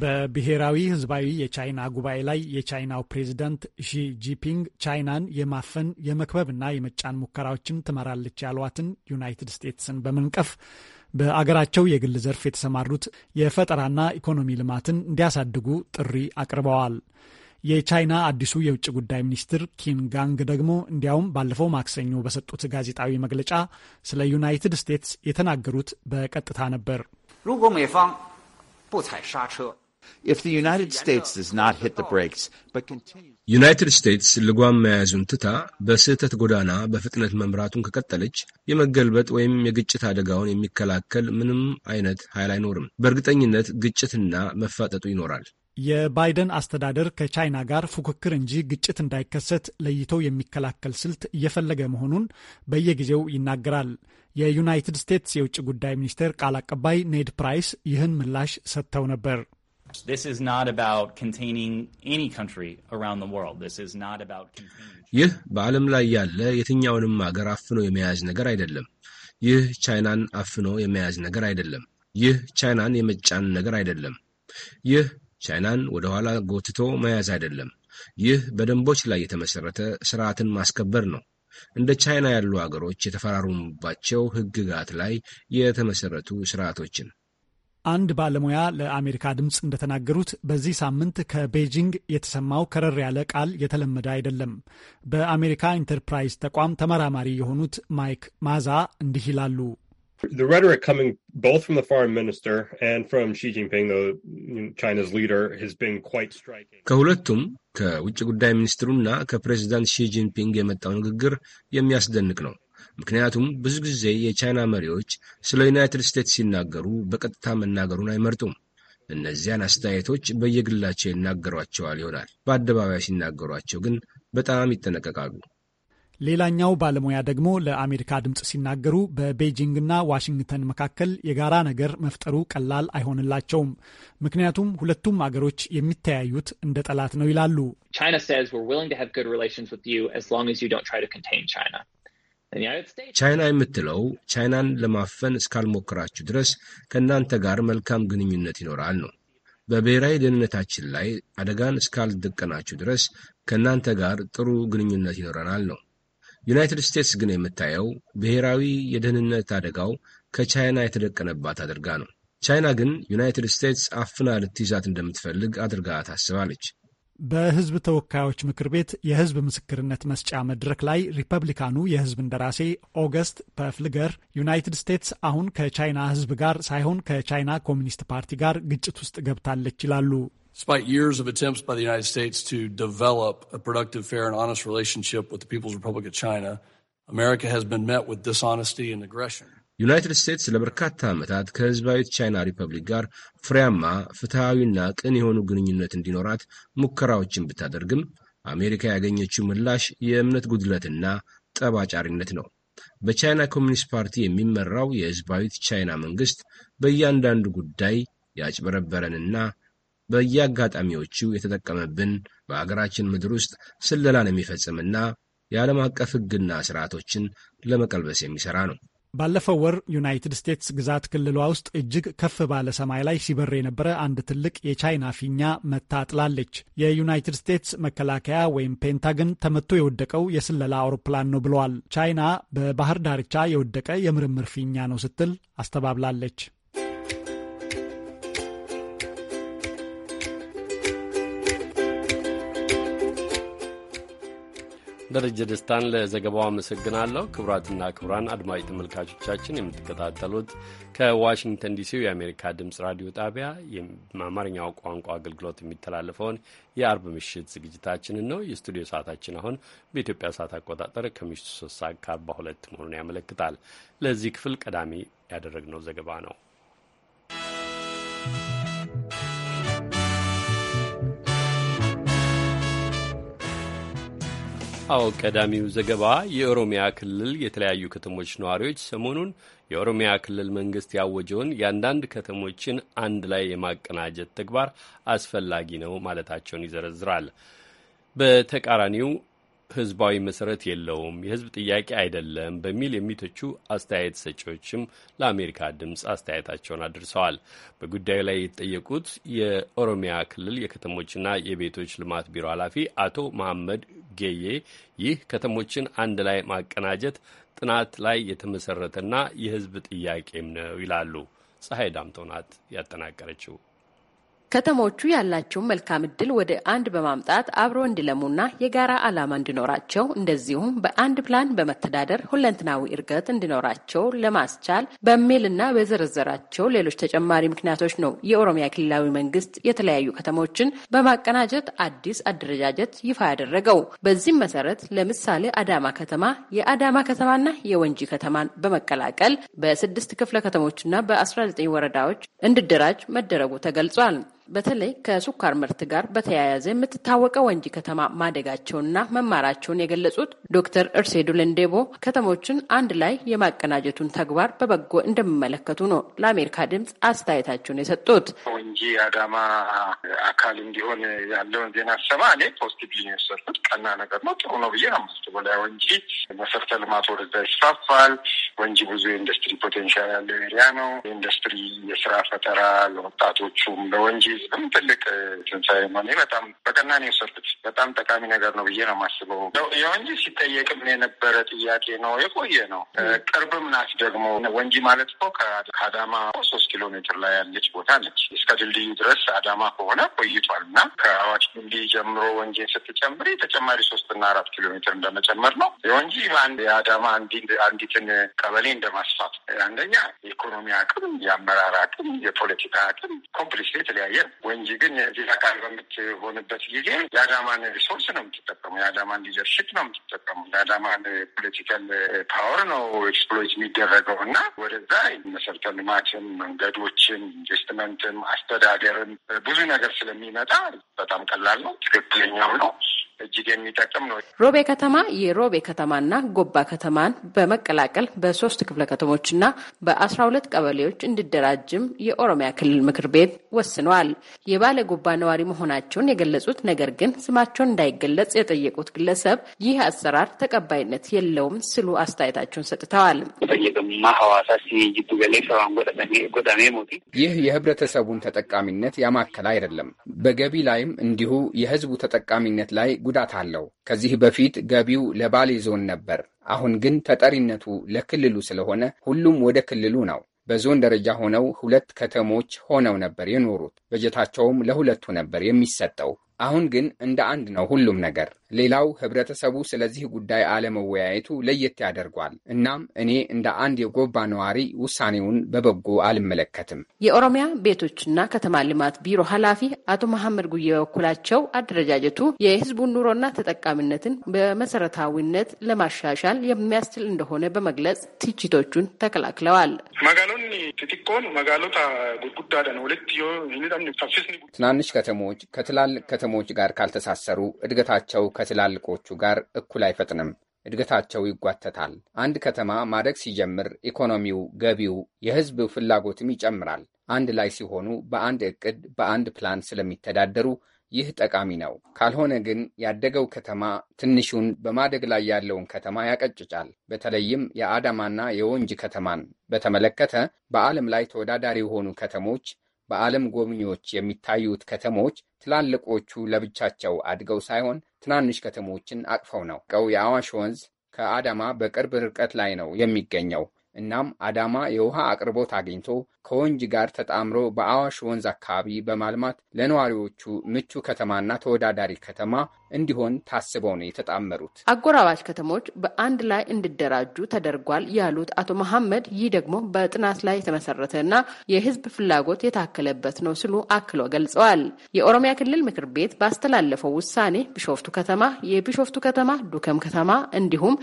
በብሔራዊ ህዝባዊ የቻይና ጉባኤ ላይ የቻይናው ፕሬዚደንት ሺ ጂፒንግ ቻይናን የማፈን የመክበብና የመጫን ሙከራዎችን ትመራለች ያሏትን ዩናይትድ ስቴትስን በመንቀፍ በአገራቸው የግል ዘርፍ የተሰማሩት የፈጠራና ኢኮኖሚ ልማትን እንዲያሳድጉ ጥሪ አቅርበዋል። የቻይና አዲሱ የውጭ ጉዳይ ሚኒስትር ጋንግ ደግሞ እንዲያውም ባለፈው ማክሰኞ በሰጡት ጋዜጣዊ መግለጫ ስለ ዩናይትድ ስቴትስ የተናገሩት በቀጥታ ነበር። ዩናይትድ ስቴትስ ልጓም መያዙን ትታ በስህተት ጎዳና በፍጥነት መምራቱን ከቀጠለች የመገልበጥ ወይም የግጭት አደጋውን የሚከላከል ምንም አይነት ኃይል አይኖርም። በእርግጠኝነት ግጭትና መፋጠጡ ይኖራል። የባይደን አስተዳደር ከቻይና ጋር ፉክክር እንጂ ግጭት እንዳይከሰት ለይተው የሚከላከል ስልት እየፈለገ መሆኑን በየጊዜው ይናገራል። የዩናይትድ ስቴትስ የውጭ ጉዳይ ሚኒስቴር ቃል አቀባይ ኔድ ፕራይስ ይህን ምላሽ ሰጥተው ነበር። ይህ በዓለም ላይ ያለ የትኛውንም ሀገር አፍኖ የመያዝ ነገር አይደለም። ይህ ቻይናን አፍኖ የመያዝ ነገር አይደለም። ይህ ቻይናን የመጫን ነገር አይደለም። ይህ ቻይናን ወደኋላ ጎትቶ መያዝ አይደለም። ይህ በደንቦች ላይ የተመሰረተ ስርዓትን ማስከበር ነው። እንደ ቻይና ያሉ አገሮች የተፈራረሙባቸው ህግጋት ላይ የተመሰረቱ ስርዓቶችን። አንድ ባለሙያ ለአሜሪካ ድምፅ እንደተናገሩት በዚህ ሳምንት ከቤጂንግ የተሰማው ከረር ያለ ቃል የተለመደ አይደለም። በአሜሪካ ኢንተርፕራይዝ ተቋም ተመራማሪ የሆኑት ማይክ ማዛ እንዲህ ይላሉ። ከሁለቱም ከውጭ ጉዳይ ሚኒስትሩና ከፕሬዚዳንት ሺጂንፒንግ የመጣው ንግግር የሚያስደንቅ ነው። ምክንያቱም ብዙ ጊዜ የቻይና መሪዎች ስለ ዩናይትድ ስቴትስ ሲናገሩ በቀጥታ መናገሩን አይመርጡም። እነዚያን አስተያየቶች በየግላቸው ይናገሯቸዋል ይሆናል። በአደባባይ ሲናገሯቸው ግን በጣም ይጠነቀቃሉ። ሌላኛው ባለሙያ ደግሞ ለአሜሪካ ድምፅ ሲናገሩ በቤጂንግና ዋሽንግተን መካከል የጋራ ነገር መፍጠሩ ቀላል አይሆንላቸውም። ምክንያቱም ሁለቱም አገሮች የሚተያዩት እንደ ጠላት ነው ይላሉ። ቻይና የምትለው ቻይናን ለማፈን እስካልሞክራችሁ ድረስ ከእናንተ ጋር መልካም ግንኙነት ይኖራል ነው። በብሔራዊ ደህንነታችን ላይ አደጋን እስካልደቀናችሁ ድረስ ከእናንተ ጋር ጥሩ ግንኙነት ይኖረናል ነው ዩናይትድ ስቴትስ ግን የምታየው ብሔራዊ የደህንነት አደጋው ከቻይና የተደቀነባት አድርጋ ነው። ቻይና ግን ዩናይትድ ስቴትስ አፍና ልትይዛት እንደምትፈልግ አድርጋ ታስባለች። በህዝብ ተወካዮች ምክር ቤት የህዝብ ምስክርነት መስጫ መድረክ ላይ ሪፐብሊካኑ የህዝብ እንደራሴ ኦገስት ፐፍልገር ዩናይትድ ስቴትስ አሁን ከቻይና ህዝብ ጋር ሳይሆን ከቻይና ኮሚኒስት ፓርቲ ጋር ግጭት ውስጥ ገብታለች ይላሉ። Despite years of attempts by the United States to develop a productive, fair, and honest relationship with the People's Republic of China, America has been met with dishonesty and aggression. ዩናይትድ ስቴትስ ለበርካታ ዓመታት ከሕዝባዊት ቻይና ሪፐብሊክ ጋር ፍሬያማ ፍትሐዊና ቅን የሆኑ ግንኙነት እንዲኖራት ሙከራዎችን ብታደርግም አሜሪካ ያገኘችው ምላሽ የእምነት ጉድለትና ጠብ አጫሪነት ነው። በቻይና ኮሚኒስት ፓርቲ የሚመራው የሕዝባዊት ቻይና መንግሥት በእያንዳንዱ ጉዳይ ያጭበረበረንና በየአጋጣሚዎቹ የተጠቀመብን በአገራችን ምድር ውስጥ ስለላን የሚፈጽምና የዓለም አቀፍ ሕግና ስርዓቶችን ለመቀልበስ የሚሠራ ነው። ባለፈው ወር ዩናይትድ ስቴትስ ግዛት ክልሏ ውስጥ እጅግ ከፍ ባለ ሰማይ ላይ ሲበር የነበረ አንድ ትልቅ የቻይና ፊኛ መታ ጥላለች። የዩናይትድ ስቴትስ መከላከያ ወይም ፔንታገን ተመቶ የወደቀው የስለላ አውሮፕላን ነው ብለዋል። ቻይና በባህር ዳርቻ የወደቀ የምርምር ፊኛ ነው ስትል አስተባብላለች። ደረጀ ደስታን ለዘገባው አመሰግናለሁ። ክቡራትና ክቡራን አድማጭ ተመልካቾቻችን የምትከታተሉት ከዋሽንግተን ዲሲው የአሜሪካ ድምፅ ራዲዮ ጣቢያ የአማርኛው ቋንቋ አገልግሎት የሚተላለፈውን የአርብ ምሽት ዝግጅታችንን ነው። የስቱዲዮ ሰዓታችን አሁን በኢትዮጵያ ሰዓት አቆጣጠር ከምሽቱ ሶስት ሰዓት ከአርባ ሁለት መሆኑን ያመለክታል። ለዚህ ክፍል ቀዳሚ ያደረግነው ዘገባ ነው። አዎ ቀዳሚው ዘገባ የኦሮሚያ ክልል የተለያዩ ከተሞች ነዋሪዎች ሰሞኑን የኦሮሚያ ክልል መንግስት ያወጀውን የአንዳንድ ከተሞችን አንድ ላይ የማቀናጀት ተግባር አስፈላጊ ነው ማለታቸውን ይዘረዝራል። በተቃራኒው ህዝባዊ መሰረት የለውም፣ የህዝብ ጥያቄ አይደለም በሚል የሚተቹ አስተያየት ሰጪዎችም ለአሜሪካ ድምፅ አስተያየታቸውን አድርሰዋል። በጉዳዩ ላይ የተጠየቁት የኦሮሚያ ክልል የከተሞችና የቤቶች ልማት ቢሮ ኃላፊ አቶ መሐመድ ጌዬ ይህ ከተሞችን አንድ ላይ ማቀናጀት ጥናት ላይ የተመሰረተና የህዝብ ጥያቄም ነው ይላሉ። ፀሐይ ዳምጠው ያጠናቀረችው። ከተሞቹ ያላቸውን መልካም እድል ወደ አንድ በማምጣት አብሮ እንዲለሙና የጋራ ዓላማ እንዲኖራቸው እንደዚሁም በአንድ ፕላን በመተዳደር ሁለንትናዊ እድገት እንዲኖራቸው ለማስቻል በሚልና በዘረዘራቸው ሌሎች ተጨማሪ ምክንያቶች ነው የኦሮሚያ ክልላዊ መንግስት የተለያዩ ከተሞችን በማቀናጀት አዲስ አደረጃጀት ይፋ ያደረገው። በዚህም መሰረት ለምሳሌ አዳማ ከተማ የአዳማ ከተማና የወንጂ ከተማን በመቀላቀል በስድስት ክፍለ ከተሞችና በ19 ወረዳዎች እንዲደራጅ መደረጉ ተገልጿል። በተለይ ከሱካር ምርት ጋር በተያያዘ የምትታወቀው ወንጂ ከተማ ማደጋቸውና መማራቸውን የገለጹት ዶክተር እርሴዱ ለንዴቦ ከተሞችን አንድ ላይ የማቀናጀቱን ተግባር በበጎ እንደሚመለከቱ ነው ለአሜሪካ ድምፅ አስተያየታቸውን የሰጡት። ወንጂ አዳማ አካል እንዲሆን ያለውን ዜና ሰማ እኔ ፖስቲቭ ነው የወሰድኩት። ቀና ነገር ነው፣ ጥሩ ነው ብዬ አምስት በላይ ወንጂ መሰረተ ልማት ወደዛ ይስፋፋል። ወንጂ ብዙ የኢንዱስትሪ ፖቴንሻል ያለው ኤሪያ ነው። ኢንዱስትሪ የስራ ፈጠራ ለወጣቶቹም ለወንጂ ቡዲዝም ትልቅ ትንሳኤ መሆ በጣም በቀና ነው የወሰድኩት። በጣም ጠቃሚ ነገር ነው ብዬ ነው የማስበው። የወንጂ ሲጠየቅም የነበረ ጥያቄ ነው፣ የቆየ ነው። ቅርብም ናት ደግሞ ወንጂ ማለት እኮ ከአዳማ ሶስት ኪሎ ሜትር ላይ ያለች ቦታ ነች። እስከ ድልድዩ ድረስ አዳማ ከሆነ ቆይቷል እና ከአዋጭ ድልድይ ጀምሮ ወንጂን ስትጨምር ተጨማሪ ሶስትና አራት ኪሎ ሜትር እንደመጨመር ነው። የወንጂ አንድ የአዳማ አንዲትን ቀበሌ እንደማስፋት አንደኛ የኢኮኖሚ አቅም፣ የአመራር አቅም፣ የፖለቲካ አቅም ኮምፕሊስ የተለያየ ወንጂ ግን ዜና ቃል በምትሆንበት ጊዜ የአዳማን ሪሶርስ ነው የምትጠቀሙ፣ የአዳማን ሊደርሽፕ ነው የምትጠቀሙ፣ የአዳማን ፖለቲካል ፓወር ነው ኤክስፕሎይት የሚደረገው እና ወደዛ መሰረተ ልማትም፣ መንገዶችም፣ ኢንቨስትመንትም፣ አስተዳደርም ብዙ ነገር ስለሚመጣ በጣም ቀላል ነው። ትክክለኛው ነው። እጅግ የሚጠቅም ነው። ሮቤ ከተማ የሮቤ ከተማና ጎባ ከተማን በመቀላቀል በሶስት ክፍለ ከተሞችና በአስራ ሁለት ቀበሌዎች እንዲደራጅም የኦሮሚያ ክልል ምክር ቤት ወስነዋል። የባለ ጎባ ነዋሪ መሆናቸውን የገለጹት ነገር ግን ስማቸውን እንዳይገለጽ የጠየቁት ግለሰብ ይህ አሰራር ተቀባይነት የለውም ሲሉ አስተያየታቸውን ሰጥተዋል። ይህ የህብረተሰቡን ተጠቃሚነት ያማከለ አይደለም። በገቢ ላይም እንዲሁ የህዝቡ ተጠቃሚነት ላይ ጉዳት አለው። ከዚህ በፊት ገቢው ለባሌ ዞን ነበር። አሁን ግን ተጠሪነቱ ለክልሉ ስለሆነ ሁሉም ወደ ክልሉ ነው። በዞን ደረጃ ሆነው ሁለት ከተሞች ሆነው ነበር የኖሩት። በጀታቸውም ለሁለቱ ነበር የሚሰጠው። አሁን ግን እንደ አንድ ነው ሁሉም ነገር። ሌላው ህብረተሰቡ ስለዚህ ጉዳይ አለመወያየቱ ለየት ያደርጓል። እናም እኔ እንደ አንድ የጎባ ነዋሪ ውሳኔውን በበጎ አልመለከትም። የኦሮሚያ ቤቶችና ከተማ ልማት ቢሮ ኃላፊ አቶ መሐመድ ጉየ በበኩላቸው አደረጃጀቱ የህዝቡን ኑሮና ተጠቃሚነትን በመሰረታዊነት ለማሻሻል የሚያስችል እንደሆነ በመግለጽ ትችቶቹን ተከላክለዋል። መጋሎኒ ትቲኮን መጋሎታ ጉድጉዳደን ሁለት ትናንሽ ከተሞች ከትላልቅ ከተሞች ጋር ካልተሳሰሩ እድገታቸው ከትላልቆቹ ጋር እኩል አይፈጥንም። እድገታቸው ይጓተታል። አንድ ከተማ ማደግ ሲጀምር ኢኮኖሚው፣ ገቢው፣ የህዝብ ፍላጎትም ይጨምራል። አንድ ላይ ሲሆኑ በአንድ እቅድ በአንድ ፕላን ስለሚተዳደሩ ይህ ጠቃሚ ነው። ካልሆነ ግን ያደገው ከተማ ትንሹን በማደግ ላይ ያለውን ከተማ ያቀጭጫል። በተለይም የአዳማና የወንጂ ከተማን በተመለከተ በዓለም ላይ ተወዳዳሪ የሆኑ ከተሞች በዓለም ጎብኚዎች የሚታዩት ከተሞች ትላልቆቹ ለብቻቸው አድገው ሳይሆን ትናንሽ ከተሞችን አቅፈው ነው። ቀው የአዋሽ ወንዝ ከአዳማ በቅርብ ርቀት ላይ ነው የሚገኘው። እናም አዳማ የውሃ አቅርቦት አግኝቶ ከወንጅ ጋር ተጣምሮ በአዋሽ ወንዝ አካባቢ በማልማት ለነዋሪዎቹ ምቹ ከተማና ተወዳዳሪ ከተማ እንዲሆን ታስበው ነው የተጣመሩት። አጎራባች ከተሞች በአንድ ላይ እንዲደራጁ ተደርጓል ያሉት አቶ መሐመድ፣ ይህ ደግሞ በጥናት ላይ የተመሰረተ እና የህዝብ ፍላጎት የታከለበት ነው ሲሉ አክለው ገልጸዋል። የኦሮሚያ ክልል ምክር ቤት ባስተላለፈው ውሳኔ ቢሾፍቱ ከተማ፣ የቢሾፍቱ ከተማ ዱከም ከተማ እንዲሁም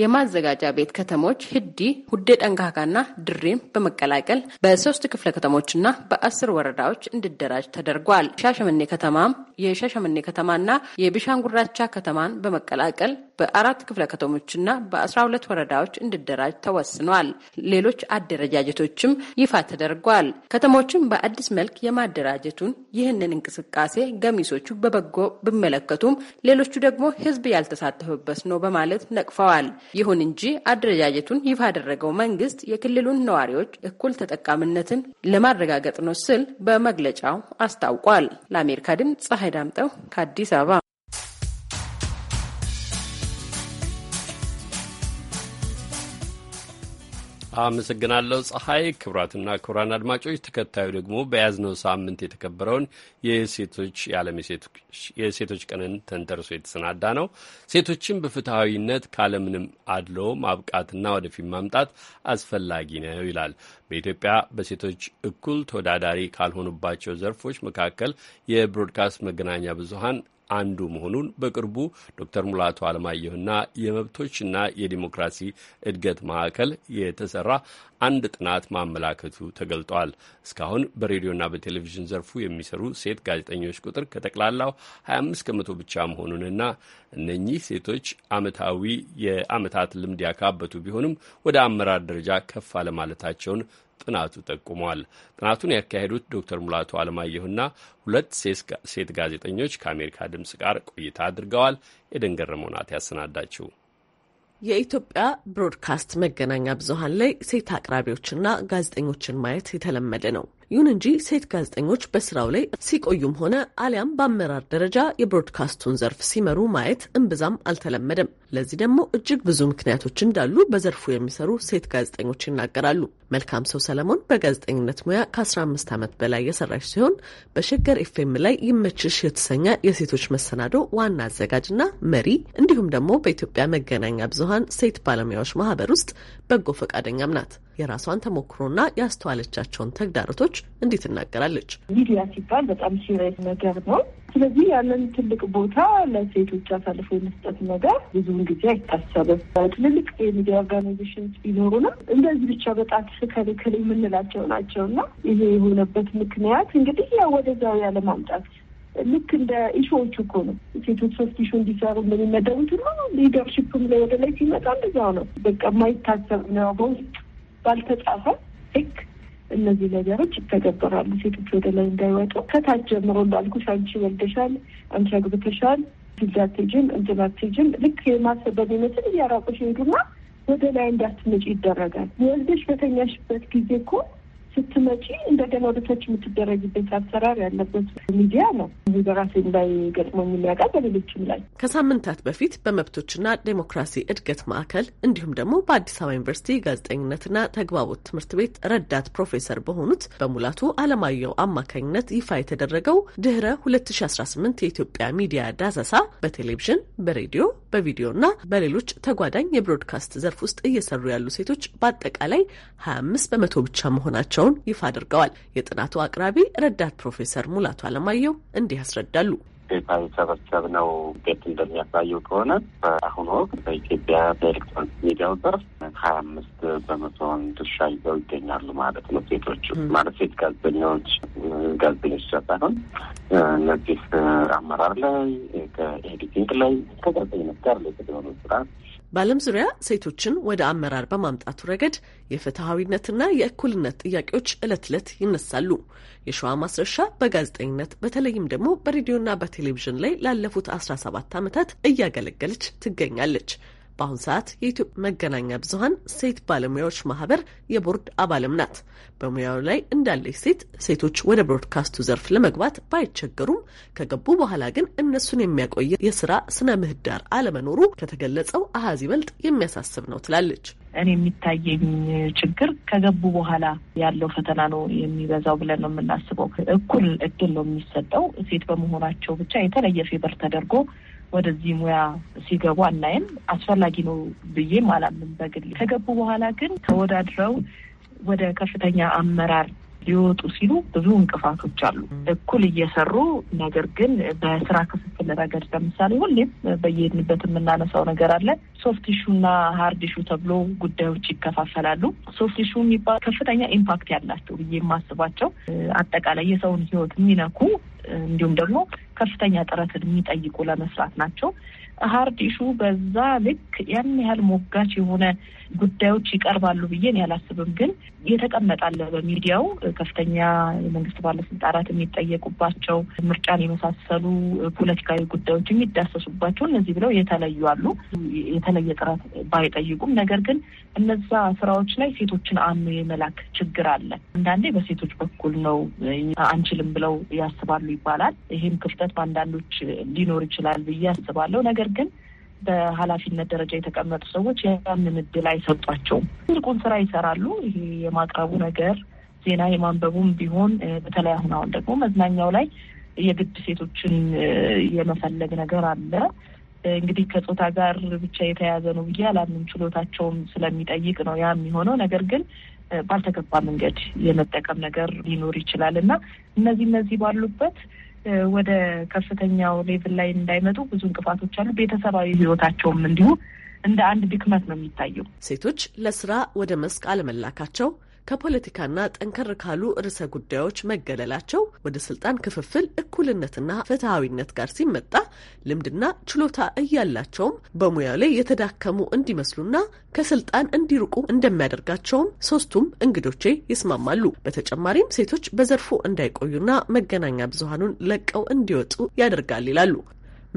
የማዘጋጃ ቤት ከተሞች ህዲ፣ ሁዴ ጠንካካና ድሬም በመቀላቀል በሶስት ክፍለ ከተሞችና በአስር ወረዳዎች እንዲደራጅ ተደርጓል። ሻሸመኔ ከተማም የሻሸመኔ ከተማና የቢሻንጉራቻ ከተማን በመቀላቀል በአራት ክፍለ ከተሞችና በአስራ ሁለት ወረዳዎች እንዲደራጅ ተወስኗል። ሌሎች አደረጃጀቶችም ይፋ ተደርጓል። ከተሞችን በአዲስ መልክ የማደራጀቱን ይህንን እንቅስቃሴ ገሚሶቹ በበጎ ቢመለከቱም ሌሎቹ ደግሞ ህዝብ ያልተሳተፈበት ነው በማለት ነቅፈዋል። ይሁን እንጂ አደረጃጀቱን ይፋ ያደረገው መንግስት የክልሉን ነዋሪዎች እኩል ተጠቃሚነትን ለማረጋገጥ ነው ስል በመግለጫው አስታውቋል። ለአሜሪካ ድምፅ ፀሐይ ዳምጠው ከአዲስ አበባ አመሰግናለሁ ፀሐይ። ክቡራትና ክቡራን አድማጮች ተከታዩ ደግሞ በያዝነው ሳምንት የተከበረውን የሴቶች የዓለም የሴቶች ቀንን ተንተርሶ የተሰናዳ ነው። ሴቶችን በፍትሐዊነት ካለምንም አድሎ ማብቃትና ወደፊት ማምጣት አስፈላጊ ነው ይላል። በኢትዮጵያ በሴቶች እኩል ተወዳዳሪ ካልሆኑባቸው ዘርፎች መካከል የብሮድካስት መገናኛ ብዙሀን አንዱ መሆኑን በቅርቡ ዶክተር ሙላቱ አለማየሁና የመብቶችና የዲሞክራሲ እድገት ማዕከል የተሰራ አንድ ጥናት ማመላከቱ ተገልጧል። እስካሁን በሬዲዮና በቴሌቪዥን ዘርፉ የሚሰሩ ሴት ጋዜጠኞች ቁጥር ከጠቅላላው 25 ከመቶ ብቻ መሆኑንና እነኚህ ሴቶች አመታዊ የአመታት ልምድ ያካበቱ ቢሆንም ወደ አመራር ደረጃ ከፍ አለማለታቸውን ጥናቱ ጠቁሟል። ጥናቱን ያካሄዱት ዶክተር ሙላቱ አለማየሁና ሁለት ሴት ጋዜጠኞች ከአሜሪካ ድምፅ ጋር ቆይታ አድርገዋል። ኤደን ገረመው ናት ያሰናዳችው። የኢትዮጵያ ብሮድካስት መገናኛ ብዙኃን ላይ ሴት አቅራቢዎችና ጋዜጠኞችን ማየት የተለመደ ነው። ይሁን እንጂ ሴት ጋዜጠኞች በስራው ላይ ሲቆዩም ሆነ አሊያም በአመራር ደረጃ የብሮድካስቱን ዘርፍ ሲመሩ ማየት እምብዛም አልተለመደም። ለዚህ ደግሞ እጅግ ብዙ ምክንያቶች እንዳሉ በዘርፉ የሚሰሩ ሴት ጋዜጠኞች ይናገራሉ። መልካም ሰው ሰለሞን በጋዜጠኝነት ሙያ ከ15 ዓመት በላይ የሰራች ሲሆን በሸገር ኤፍኤም ላይ ይመችሽ የተሰኘ የሴቶች መሰናዶ ዋና አዘጋጅና መሪ እንዲሁም ደግሞ በኢትዮጵያ መገናኛ ብዙሀን ሴት ባለሙያዎች ማህበር ውስጥ በጎ ፈቃደኛም ናት። የራሷን ተሞክሮና ያስተዋለቻቸውን ተግዳሮቶች እንዴት ትናገራለች። ሚዲያ ሲባል በጣም ሲሪየስ ነገር ነው። ስለዚህ ያለን ትልቅ ቦታ ለሴቶች አሳልፎ የመስጠት ነገር ብዙውን ጊዜ አይታሰብም። ትልልቅ የሚዲያ ኦርጋናይዜሽንስ ቢኖሩንም እንደዚህ ብቻ በጣት ከልክል የምንላቸው ናቸው እና ይሄ የሆነበት ምክንያት እንግዲህ ያ ወደዛው ያለማምጣት ልክ እንደ ኢሾዎቹ እኮ ነው። ሴቶች ሶስት ኢሾ እንዲሰሩ እንደሚመደቡት ነው። ሊደርሽፕም ላይ ወደ ላይ ሲመጣ እንደዛው ነው። በቃ የማይታሰብ ነው በውስጥ ባልተጻፈ ህግ እነዚህ ነገሮች ይተገበራሉ። ሴቶች ወደ ላይ እንዳይወጡ ከታች ጀምሮ እንዳልኩ አንቺ ወልደሻል፣ አንቺ አግብተሻል፣ ፊልዳቴጅን እንትናቴጅም ልክ የማሰበብ ይመስል እያራቁሽ ሄዱና ወደ ላይ እንዳትመጪ ይደረጋል። ወልደሽ በተኛሽበት ጊዜ እኮ ስትመጪ እንደገና ወደታች የምትደረግበት አሰራር ያለበት ሚዲያ ነው። እዚህ ላይ ገጥሞ የሚያውቃ በሌሎችም ላይ ከሳምንታት በፊት በመብቶችና ዴሞክራሲ እድገት ማዕከል እንዲሁም ደግሞ በአዲስ አበባ ዩኒቨርሲቲ ጋዜጠኝነትና ተግባቦት ትምህርት ቤት ረዳት ፕሮፌሰር በሆኑት በሙላቱ አለማየሁ አማካኝነት ይፋ የተደረገው ድህረ 2018 የኢትዮጵያ ሚዲያ ዳሰሳ በቴሌቪዥን፣ በሬዲዮ፣ በቪዲዮና በሌሎች ተጓዳኝ የብሮድካስት ዘርፍ ውስጥ እየሰሩ ያሉ ሴቶች በአጠቃላይ 25 በመቶ ብቻ መሆናቸው መሆናቸውን ይፋ አድርገዋል። የጥናቱ አቅራቢ ረዳት ፕሮፌሰር ሙላቱ አለማየሁ እንዲህ ያስረዳሉ። ዴታ ነው ውጤት እንደሚያሳየው ከሆነ በአሁኑ ወቅት በኢትዮጵያ በኤሌክትሮኒክ ሚዲያው ዘርፍ ሀያ አምስት በመቶውን ድርሻ ይዘው ይገኛሉ ማለት ነው። ሴቶቹ ማለት ሴት ጋዜጠኞች ጋዜጠኞች ሳይሆን እነዚህ አመራር ላይ ከኤዲቲንግ ላይ ከጋዜጠኝነት ጋር ላይ የተደሆኑ ስራ በዓለም ዙሪያ ሴቶችን ወደ አመራር በማምጣቱ ረገድ የፍትሐዊነትና የእኩልነት ጥያቄዎች ዕለት ዕለት ይነሳሉ። የሸዋ ማስረሻ በጋዜጠኝነት በተለይም ደግሞ በሬዲዮና በቴሌቪዥን ላይ ላለፉት 17 ዓመታት እያገለገለች ትገኛለች። በአሁን ሰዓት የኢትዮጵያ መገናኛ ብዙኃን ሴት ባለሙያዎች ማህበር የቦርድ አባልም ናት። በሙያው ላይ እንዳለች ሴት ሴቶች ወደ ብሮድካስቱ ዘርፍ ለመግባት ባይቸገሩም ከገቡ በኋላ ግን እነሱን የሚያቆየ የስራ ስነ ምህዳር አለመኖሩ ከተገለጸው አሀዝ ይበልጥ የሚያሳስብ ነው ትላለች። እኔ የሚታየኝ ችግር ከገቡ በኋላ ያለው ፈተና ነው የሚበዛው ብለን ነው የምናስበው። እኩል እድል ነው የሚሰጠው። ሴት በመሆናቸው ብቻ የተለየ ፌበር ተደርጎ ወደዚህ ሙያ ሲገቡ አናይም። አስፈላጊ ነው ብዬም አላምንም በግል። ከገቡ በኋላ ግን ተወዳድረው ወደ ከፍተኛ አመራር ሊወጡ ሲሉ ብዙ እንቅፋቶች አሉ። እኩል እየሰሩ ነገር ግን በስራ ክፍፍል ረገድ ለምሳሌ ሁሌም በየሄድንበት የምናነሳው ነገር አለ። ሶፍት ኢሹና ሀርድ ኢሹ ተብሎ ጉዳዮች ይከፋፈላሉ። ሶፍት ኢሹ የሚባል ከፍተኛ ኢምፓክት ያላቸው ብዬ የማስባቸው አጠቃላይ የሰውን ህይወት የሚነኩ እንዲሁም ደግሞ ከፍተኛ ጥረትን የሚጠይቁ ለመስራት ናቸው። ሀርድ ኢሹ በዛ ልክ ያን ያህል ሞጋች የሆነ ጉዳዮች ይቀርባሉ ብዬን ያላስብም። ግን የተቀመጣለ በሚዲያው ከፍተኛ የመንግስት ባለስልጣናት የሚጠየቁባቸው ምርጫን የመሳሰሉ ፖለቲካዊ ጉዳዮች የሚዳሰሱባቸው እነዚህ ብለው የተለዩ አሉ። የተለየ ጥረት ባይጠይቁም፣ ነገር ግን እነዛ ስራዎች ላይ ሴቶችን አኑ የመላክ ችግር አለ። አንዳንዴ በሴቶች በኩል ነው አንችልም ብለው ያስባሉ ይባላል። ይህም ክፍተት በአንዳንዶች ሊኖር ይችላል ብዬ አስባለሁ። ነገር ግን በኃላፊነት ደረጃ የተቀመጡ ሰዎች ያንን እድል አይሰጧቸውም። ትልቁን ስራ ይሰራሉ። ይሄ የማቅረቡ ነገር ዜና የማንበቡም ቢሆን በተለይ አሁን አሁን ደግሞ መዝናኛው ላይ የግድ ሴቶችን የመፈለግ ነገር አለ። እንግዲህ ከጾታ ጋር ብቻ የተያያዘ ነው ብዬ አላምንም። ችሎታቸውም ስለሚጠይቅ ነው ያ የሚሆነው። ነገር ግን ባልተገባ መንገድ የመጠቀም ነገር ሊኖር ይችላል እና እነዚህ እነዚህ ባሉበት ወደ ከፍተኛው ሌቭል ላይ እንዳይመጡ ብዙ እንቅፋቶች አሉ። ቤተሰባዊ ህይወታቸውም እንዲሁ እንደ አንድ ድክመት ነው የሚታየው። ሴቶች ለስራ ወደ መስክ አለመላካቸው ከፖለቲካና ጠንከር ካሉ ርዕሰ ጉዳዮች መገለላቸው ወደ ስልጣን ክፍፍል እኩልነትና ፍትሐዊነት ጋር ሲመጣ ልምድና ችሎታ እያላቸውም በሙያው ላይ የተዳከሙ እንዲመስሉና ከስልጣን እንዲርቁ እንደሚያደርጋቸውም ሶስቱም እንግዶቼ ይስማማሉ። በተጨማሪም ሴቶች በዘርፉ እንዳይቆዩና መገናኛ ብዙሃኑን ለቀው እንዲወጡ ያደርጋል ይላሉ።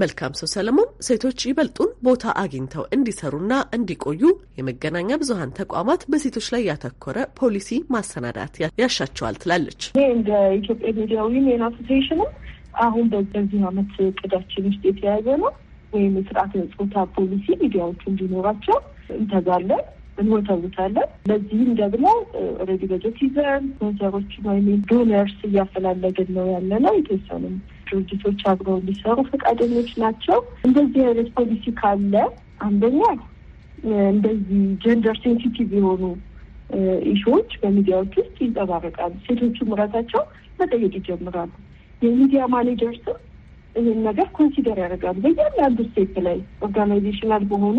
መልካም ሰው ሰለሞን ሴቶች ይበልጡን ቦታ አግኝተው እንዲሰሩና እንዲቆዩ የመገናኛ ብዙኃን ተቋማት በሴቶች ላይ ያተኮረ ፖሊሲ ማሰናዳት ያሻቸዋል ትላለች። ይህ እንደ ኢትዮጵያ ሚዲያ ዊሜን አሶሴሽንም አሁን በዚህ አመት እቅዳችን ውስጥ የተያዘ ነው ወይም የስርዓት ጾታ ፖሊሲ ሚዲያዎቹ እንዲኖራቸው እንተጋለን፣ እንወተውታለን። ለዚህም ደግሞ ኦልሬዲ በጀት ይዘን ስፖንሰሮችን ወይም ዶነርስ እያፈላለግን ነው ያለ ነው የተወሰኑም ድርጅቶች አብረው ሊሰሩ ፈቃደኞች ናቸው። እንደዚህ አይነት ፖሊሲ ካለ አንደኛ እንደዚህ ጀንደር ሴንሲቲቭ የሆኑ ኢሹዎች በሚዲያዎች ውስጥ ይንጸባረቃሉ። ሴቶቹም ራሳቸው መጠየቅ ይጀምራሉ። የሚዲያ ማኔጀርስም ይህን ነገር ኮንሲደር ያደርጋሉ። በእያንዳንዱ ስቴፕ ላይ ኦርጋናይዜሽናል በሆኑ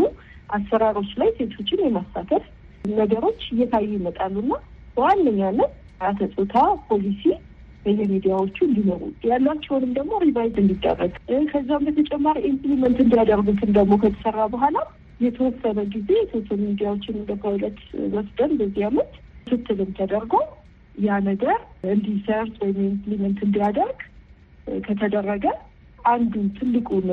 አሰራሮች ላይ ሴቶችን የማሳተፍ ነገሮች እየታዩ ይመጣሉና በዋነኛነት አተጾታ ፖሊሲ በየሚዲያዎቹ እንዲኖሩ ያሏቸውንም ደግሞ ሪቫይዝ እንዲደረግ ከዛም በተጨማሪ ኢምፕሊመንት እንዲያደርጉትን ደግሞ ከተሰራ በኋላ የተወሰነ ጊዜ ሶሻል ሚዲያዎችን እንደ ፓይለት ወስደን በዚህ አመት ክትትልም ተደርጎ ያ ነገር እንዲሰርት ወይም ኢምፕሊመንት እንዲያደርግ ከተደረገ አንዱ ትልቁን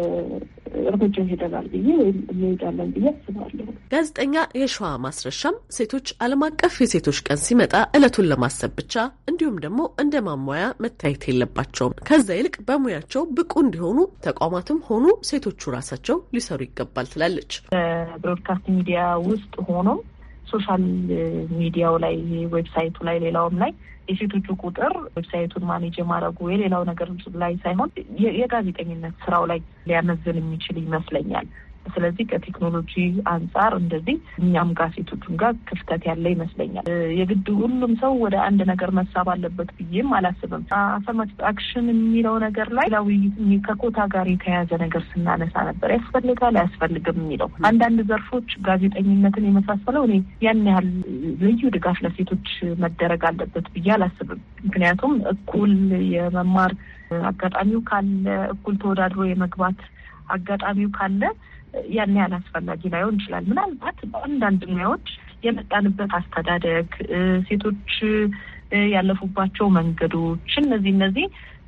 እርምጃ ሄደናል ብዬ ወይም እንሄዳለን ብዬ አስባለሁ። ጋዜጠኛ የሸዋ ማስረሻም ሴቶች ዓለም አቀፍ የሴቶች ቀን ሲመጣ እለቱን ለማሰብ ብቻ እንዲሁም ደግሞ እንደ ማሟያ መታየት የለባቸውም። ከዛ ይልቅ በሙያቸው ብቁ እንዲሆኑ ተቋማትም ሆኑ ሴቶቹ ራሳቸው ሊሰሩ ይገባል ትላለች። በብሮድካስት ሚዲያ ውስጥ ሆኖ ሶሻል ሚዲያው ላይ ዌብሳይቱ ላይ ሌላውም ላይ የሴቶቹ ቁጥር ዌብሳይቱን ማኔጅ የማድረጉ የሌላው ነገር ላይ ሳይሆን የጋዜጠኝነት ስራው ላይ ሊያመዝን የሚችል ይመስለኛል። ስለዚህ ከቴክኖሎጂ አንጻር እንደዚህ እኛም ጋር ሴቶቹም ጋር ክፍተት ያለ ይመስለኛል። የግድ ሁሉም ሰው ወደ አንድ ነገር መሳብ አለበት ብዬም አላስብም። አፈርማቲቭ አክሽን የሚለው ነገር ላይ ለውይይት ከኮታ ጋር የተያያዘ ነገር ስናነሳ ነበር ያስፈልጋል አያስፈልግም የሚለው አንዳንድ ዘርፎች ጋዜጠኝነትን የመሳሰለው እኔ ያን ያህል ልዩ ድጋፍ ለሴቶች መደረግ አለበት ብዬ አላስብም። ምክንያቱም እኩል የመማር አጋጣሚው ካለ እኩል ተወዳድሮ የመግባት አጋጣሚው ካለ ያን ያህል አስፈላጊ ላይሆን ይችላል። ምናልባት በአንዳንድ ሙያዎች የመጣንበት አስተዳደግ፣ ሴቶች ያለፉባቸው መንገዶች፣ እነዚህ እነዚህ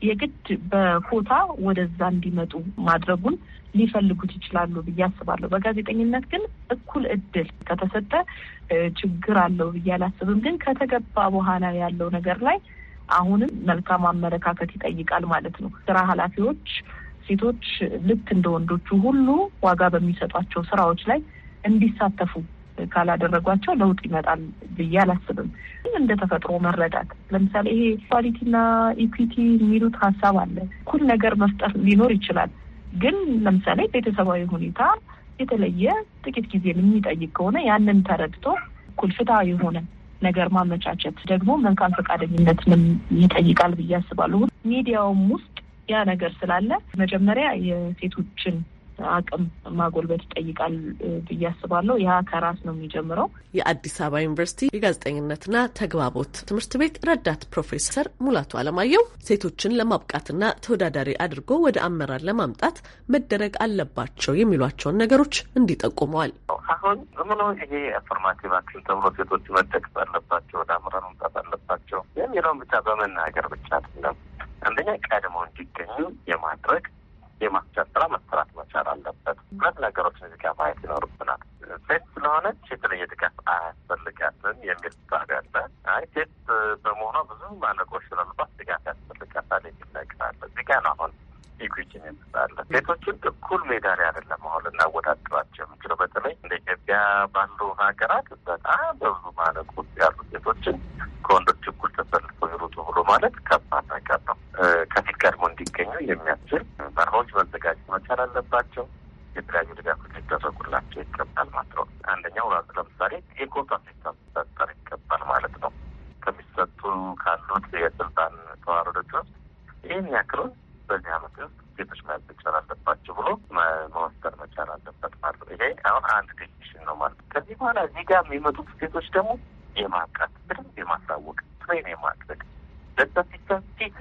የግድ በኮታ ወደዛ እንዲመጡ ማድረጉን ሊፈልጉት ይችላሉ ብዬ አስባለሁ። በጋዜጠኝነት ግን እኩል እድል ከተሰጠ ችግር አለው ብዬ አላስብም። ግን ከተገባ በኋላ ያለው ነገር ላይ አሁንም መልካም አመለካከት ይጠይቃል ማለት ነው። ስራ ኃላፊዎች ሴቶች ልክ እንደ ወንዶቹ ሁሉ ዋጋ በሚሰጧቸው ስራዎች ላይ እንዲሳተፉ ካላደረጓቸው ለውጥ ይመጣል ብዬ አላስብም። እንደ ተፈጥሮ መረዳት ለምሳሌ ይሄ ኳሊቲና ኢኩዊቲ የሚሉት ሀሳብ አለ። እኩል ነገር መፍጠር ሊኖር ይችላል። ግን ለምሳሌ ቤተሰባዊ ሁኔታ የተለየ ጥቂት ጊዜ የሚጠይቅ ከሆነ ያንን ተረድቶ እኩል የሆነ ነገር ማመቻቸት ደግሞ መልካም ፈቃደኝነትንም ይጠይቃል ብዬ አስባለሁ። ሚዲያውም ውስጥ ያ ነገር ስላለ መጀመሪያ የሴቶችን አቅም ማጎልበት ይጠይቃል ብዬ አስባለሁ። ያ ከራስ ነው የሚጀምረው። የአዲስ አበባ ዩኒቨርሲቲ የጋዜጠኝነትና ተግባቦት ትምህርት ቤት ረዳት ፕሮፌሰር ሙላቱ አለማየሁ ሴቶችን ለማብቃትና ተወዳዳሪ አድርጎ ወደ አመራር ለማምጣት መደረግ አለባቸው የሚሏቸውን ነገሮች እንዲጠቁመዋል። አሁን ዝም ይሄ አፎርማቲቭ አክሽን ተብሎ ሴቶች መደገፍ አለባቸው፣ ወደ አመራር መምጣት አለባቸው የሚለውን ብቻ በመናገር ብቻ አይደለም አንደኛ ቀድሞ እንዲገኙ የማድረግ የማስቻት ስራ መሰራት መቻል አለበት። ሁለት ነገሮችን እዚህ ጋር ማየት ይኖርብናል። ሴት ስለሆነች የተለየ ድጋፍ አያስፈልጋትም የሚል ሳቢ አለ። አይ ሴት በመሆኗ ብዙ ማነቆች ስላሉባት ድጋፍ ያስፈልጋታል የሚል ነገር አለ። እዚህ ጋር አሁን ኢኩዊቲ የሚባለ ሴቶችን እኩል ሜዳ ላይ አይደለም አሁን ልናወዳድራቸው የምችለው። በተለይ እንደ ኢትዮጵያ ባሉ ሀገራት በጣም በብዙ ማነቁ ውስጥ ያሉ ሴቶችን ከወንዶች እኩል ተሰልፎ ይሩጡ ብሎ ማለት ከባድ ነገር ነው። ከፊት ቀድሞ እንዲገኙ የሚያስችል መርሆች መዘጋጀት መቻል አለባቸው። የተለያዩ ድጋፎች ሊደረጉላቸው ይገባል ማለት ነው። አንደኛው ለምሳሌ የኮታ ሲስተም ሊፈጠር ይገባል ማለት ነው። ከሚሰጡ ካሉት የስልጣን ተዋረዶች ውስጥ ይህን ያክሉን በኋላ እዚህ ጋር የሚመጡት ሴቶች ደግሞ የማብቃት በደንብ የማሳወቅ ትሬን የማድረግ ለሰፊት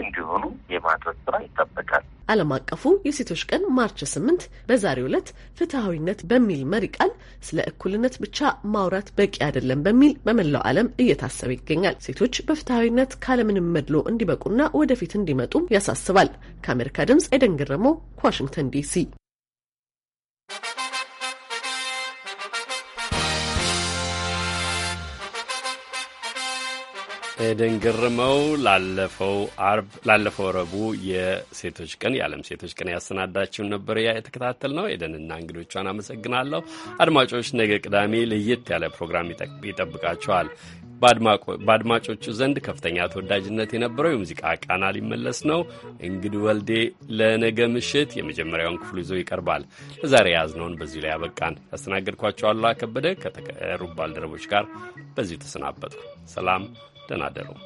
እንዲሆኑ የማድረግ ስራ ይጠበቃል። ዓለም አቀፉ የሴቶች ቀን ማርች ስምንት በዛሬው ዕለት ፍትሐዊነት በሚል መሪ ቃል ስለ እኩልነት ብቻ ማውራት በቂ አይደለም በሚል በመላው ዓለም እየታሰበ ይገኛል። ሴቶች በፍትሐዊነት ካለምንም መድሎ እንዲበቁና ወደፊት እንዲመጡም ያሳስባል። ከአሜሪካ ድምፅ ኤደን ገረመው ከዋሽንግተን ዲሲ ኤደን ግርመው ላለፈው አርብ ላለፈው ረቡዕ የሴቶች ቀን የዓለም ሴቶች ቀን ያሰናዳችውን ነበር የተከታተል ነው። ኤደንና እንግዶቿን አመሰግናለሁ። አድማጮች ነገ ቅዳሜ ለየት ያለ ፕሮግራም ይጠብቃቸዋል። በአድማጮቹ ዘንድ ከፍተኛ ተወዳጅነት የነበረው የሙዚቃ ቃና ሊመለስ ነው። እንግድ ወልዴ ለነገ ምሽት የመጀመሪያውን ክፍሉ ይዞ ይቀርባል። ለዛሬ የያዝነውን በዚሁ ላይ ያበቃን። ያስተናገድኳቸው አሉላ ከበደ ከተቀሩ ባልደረቦች ጋር በዚሁ ተሰናበጥኩ። ሰላም ደናደሩ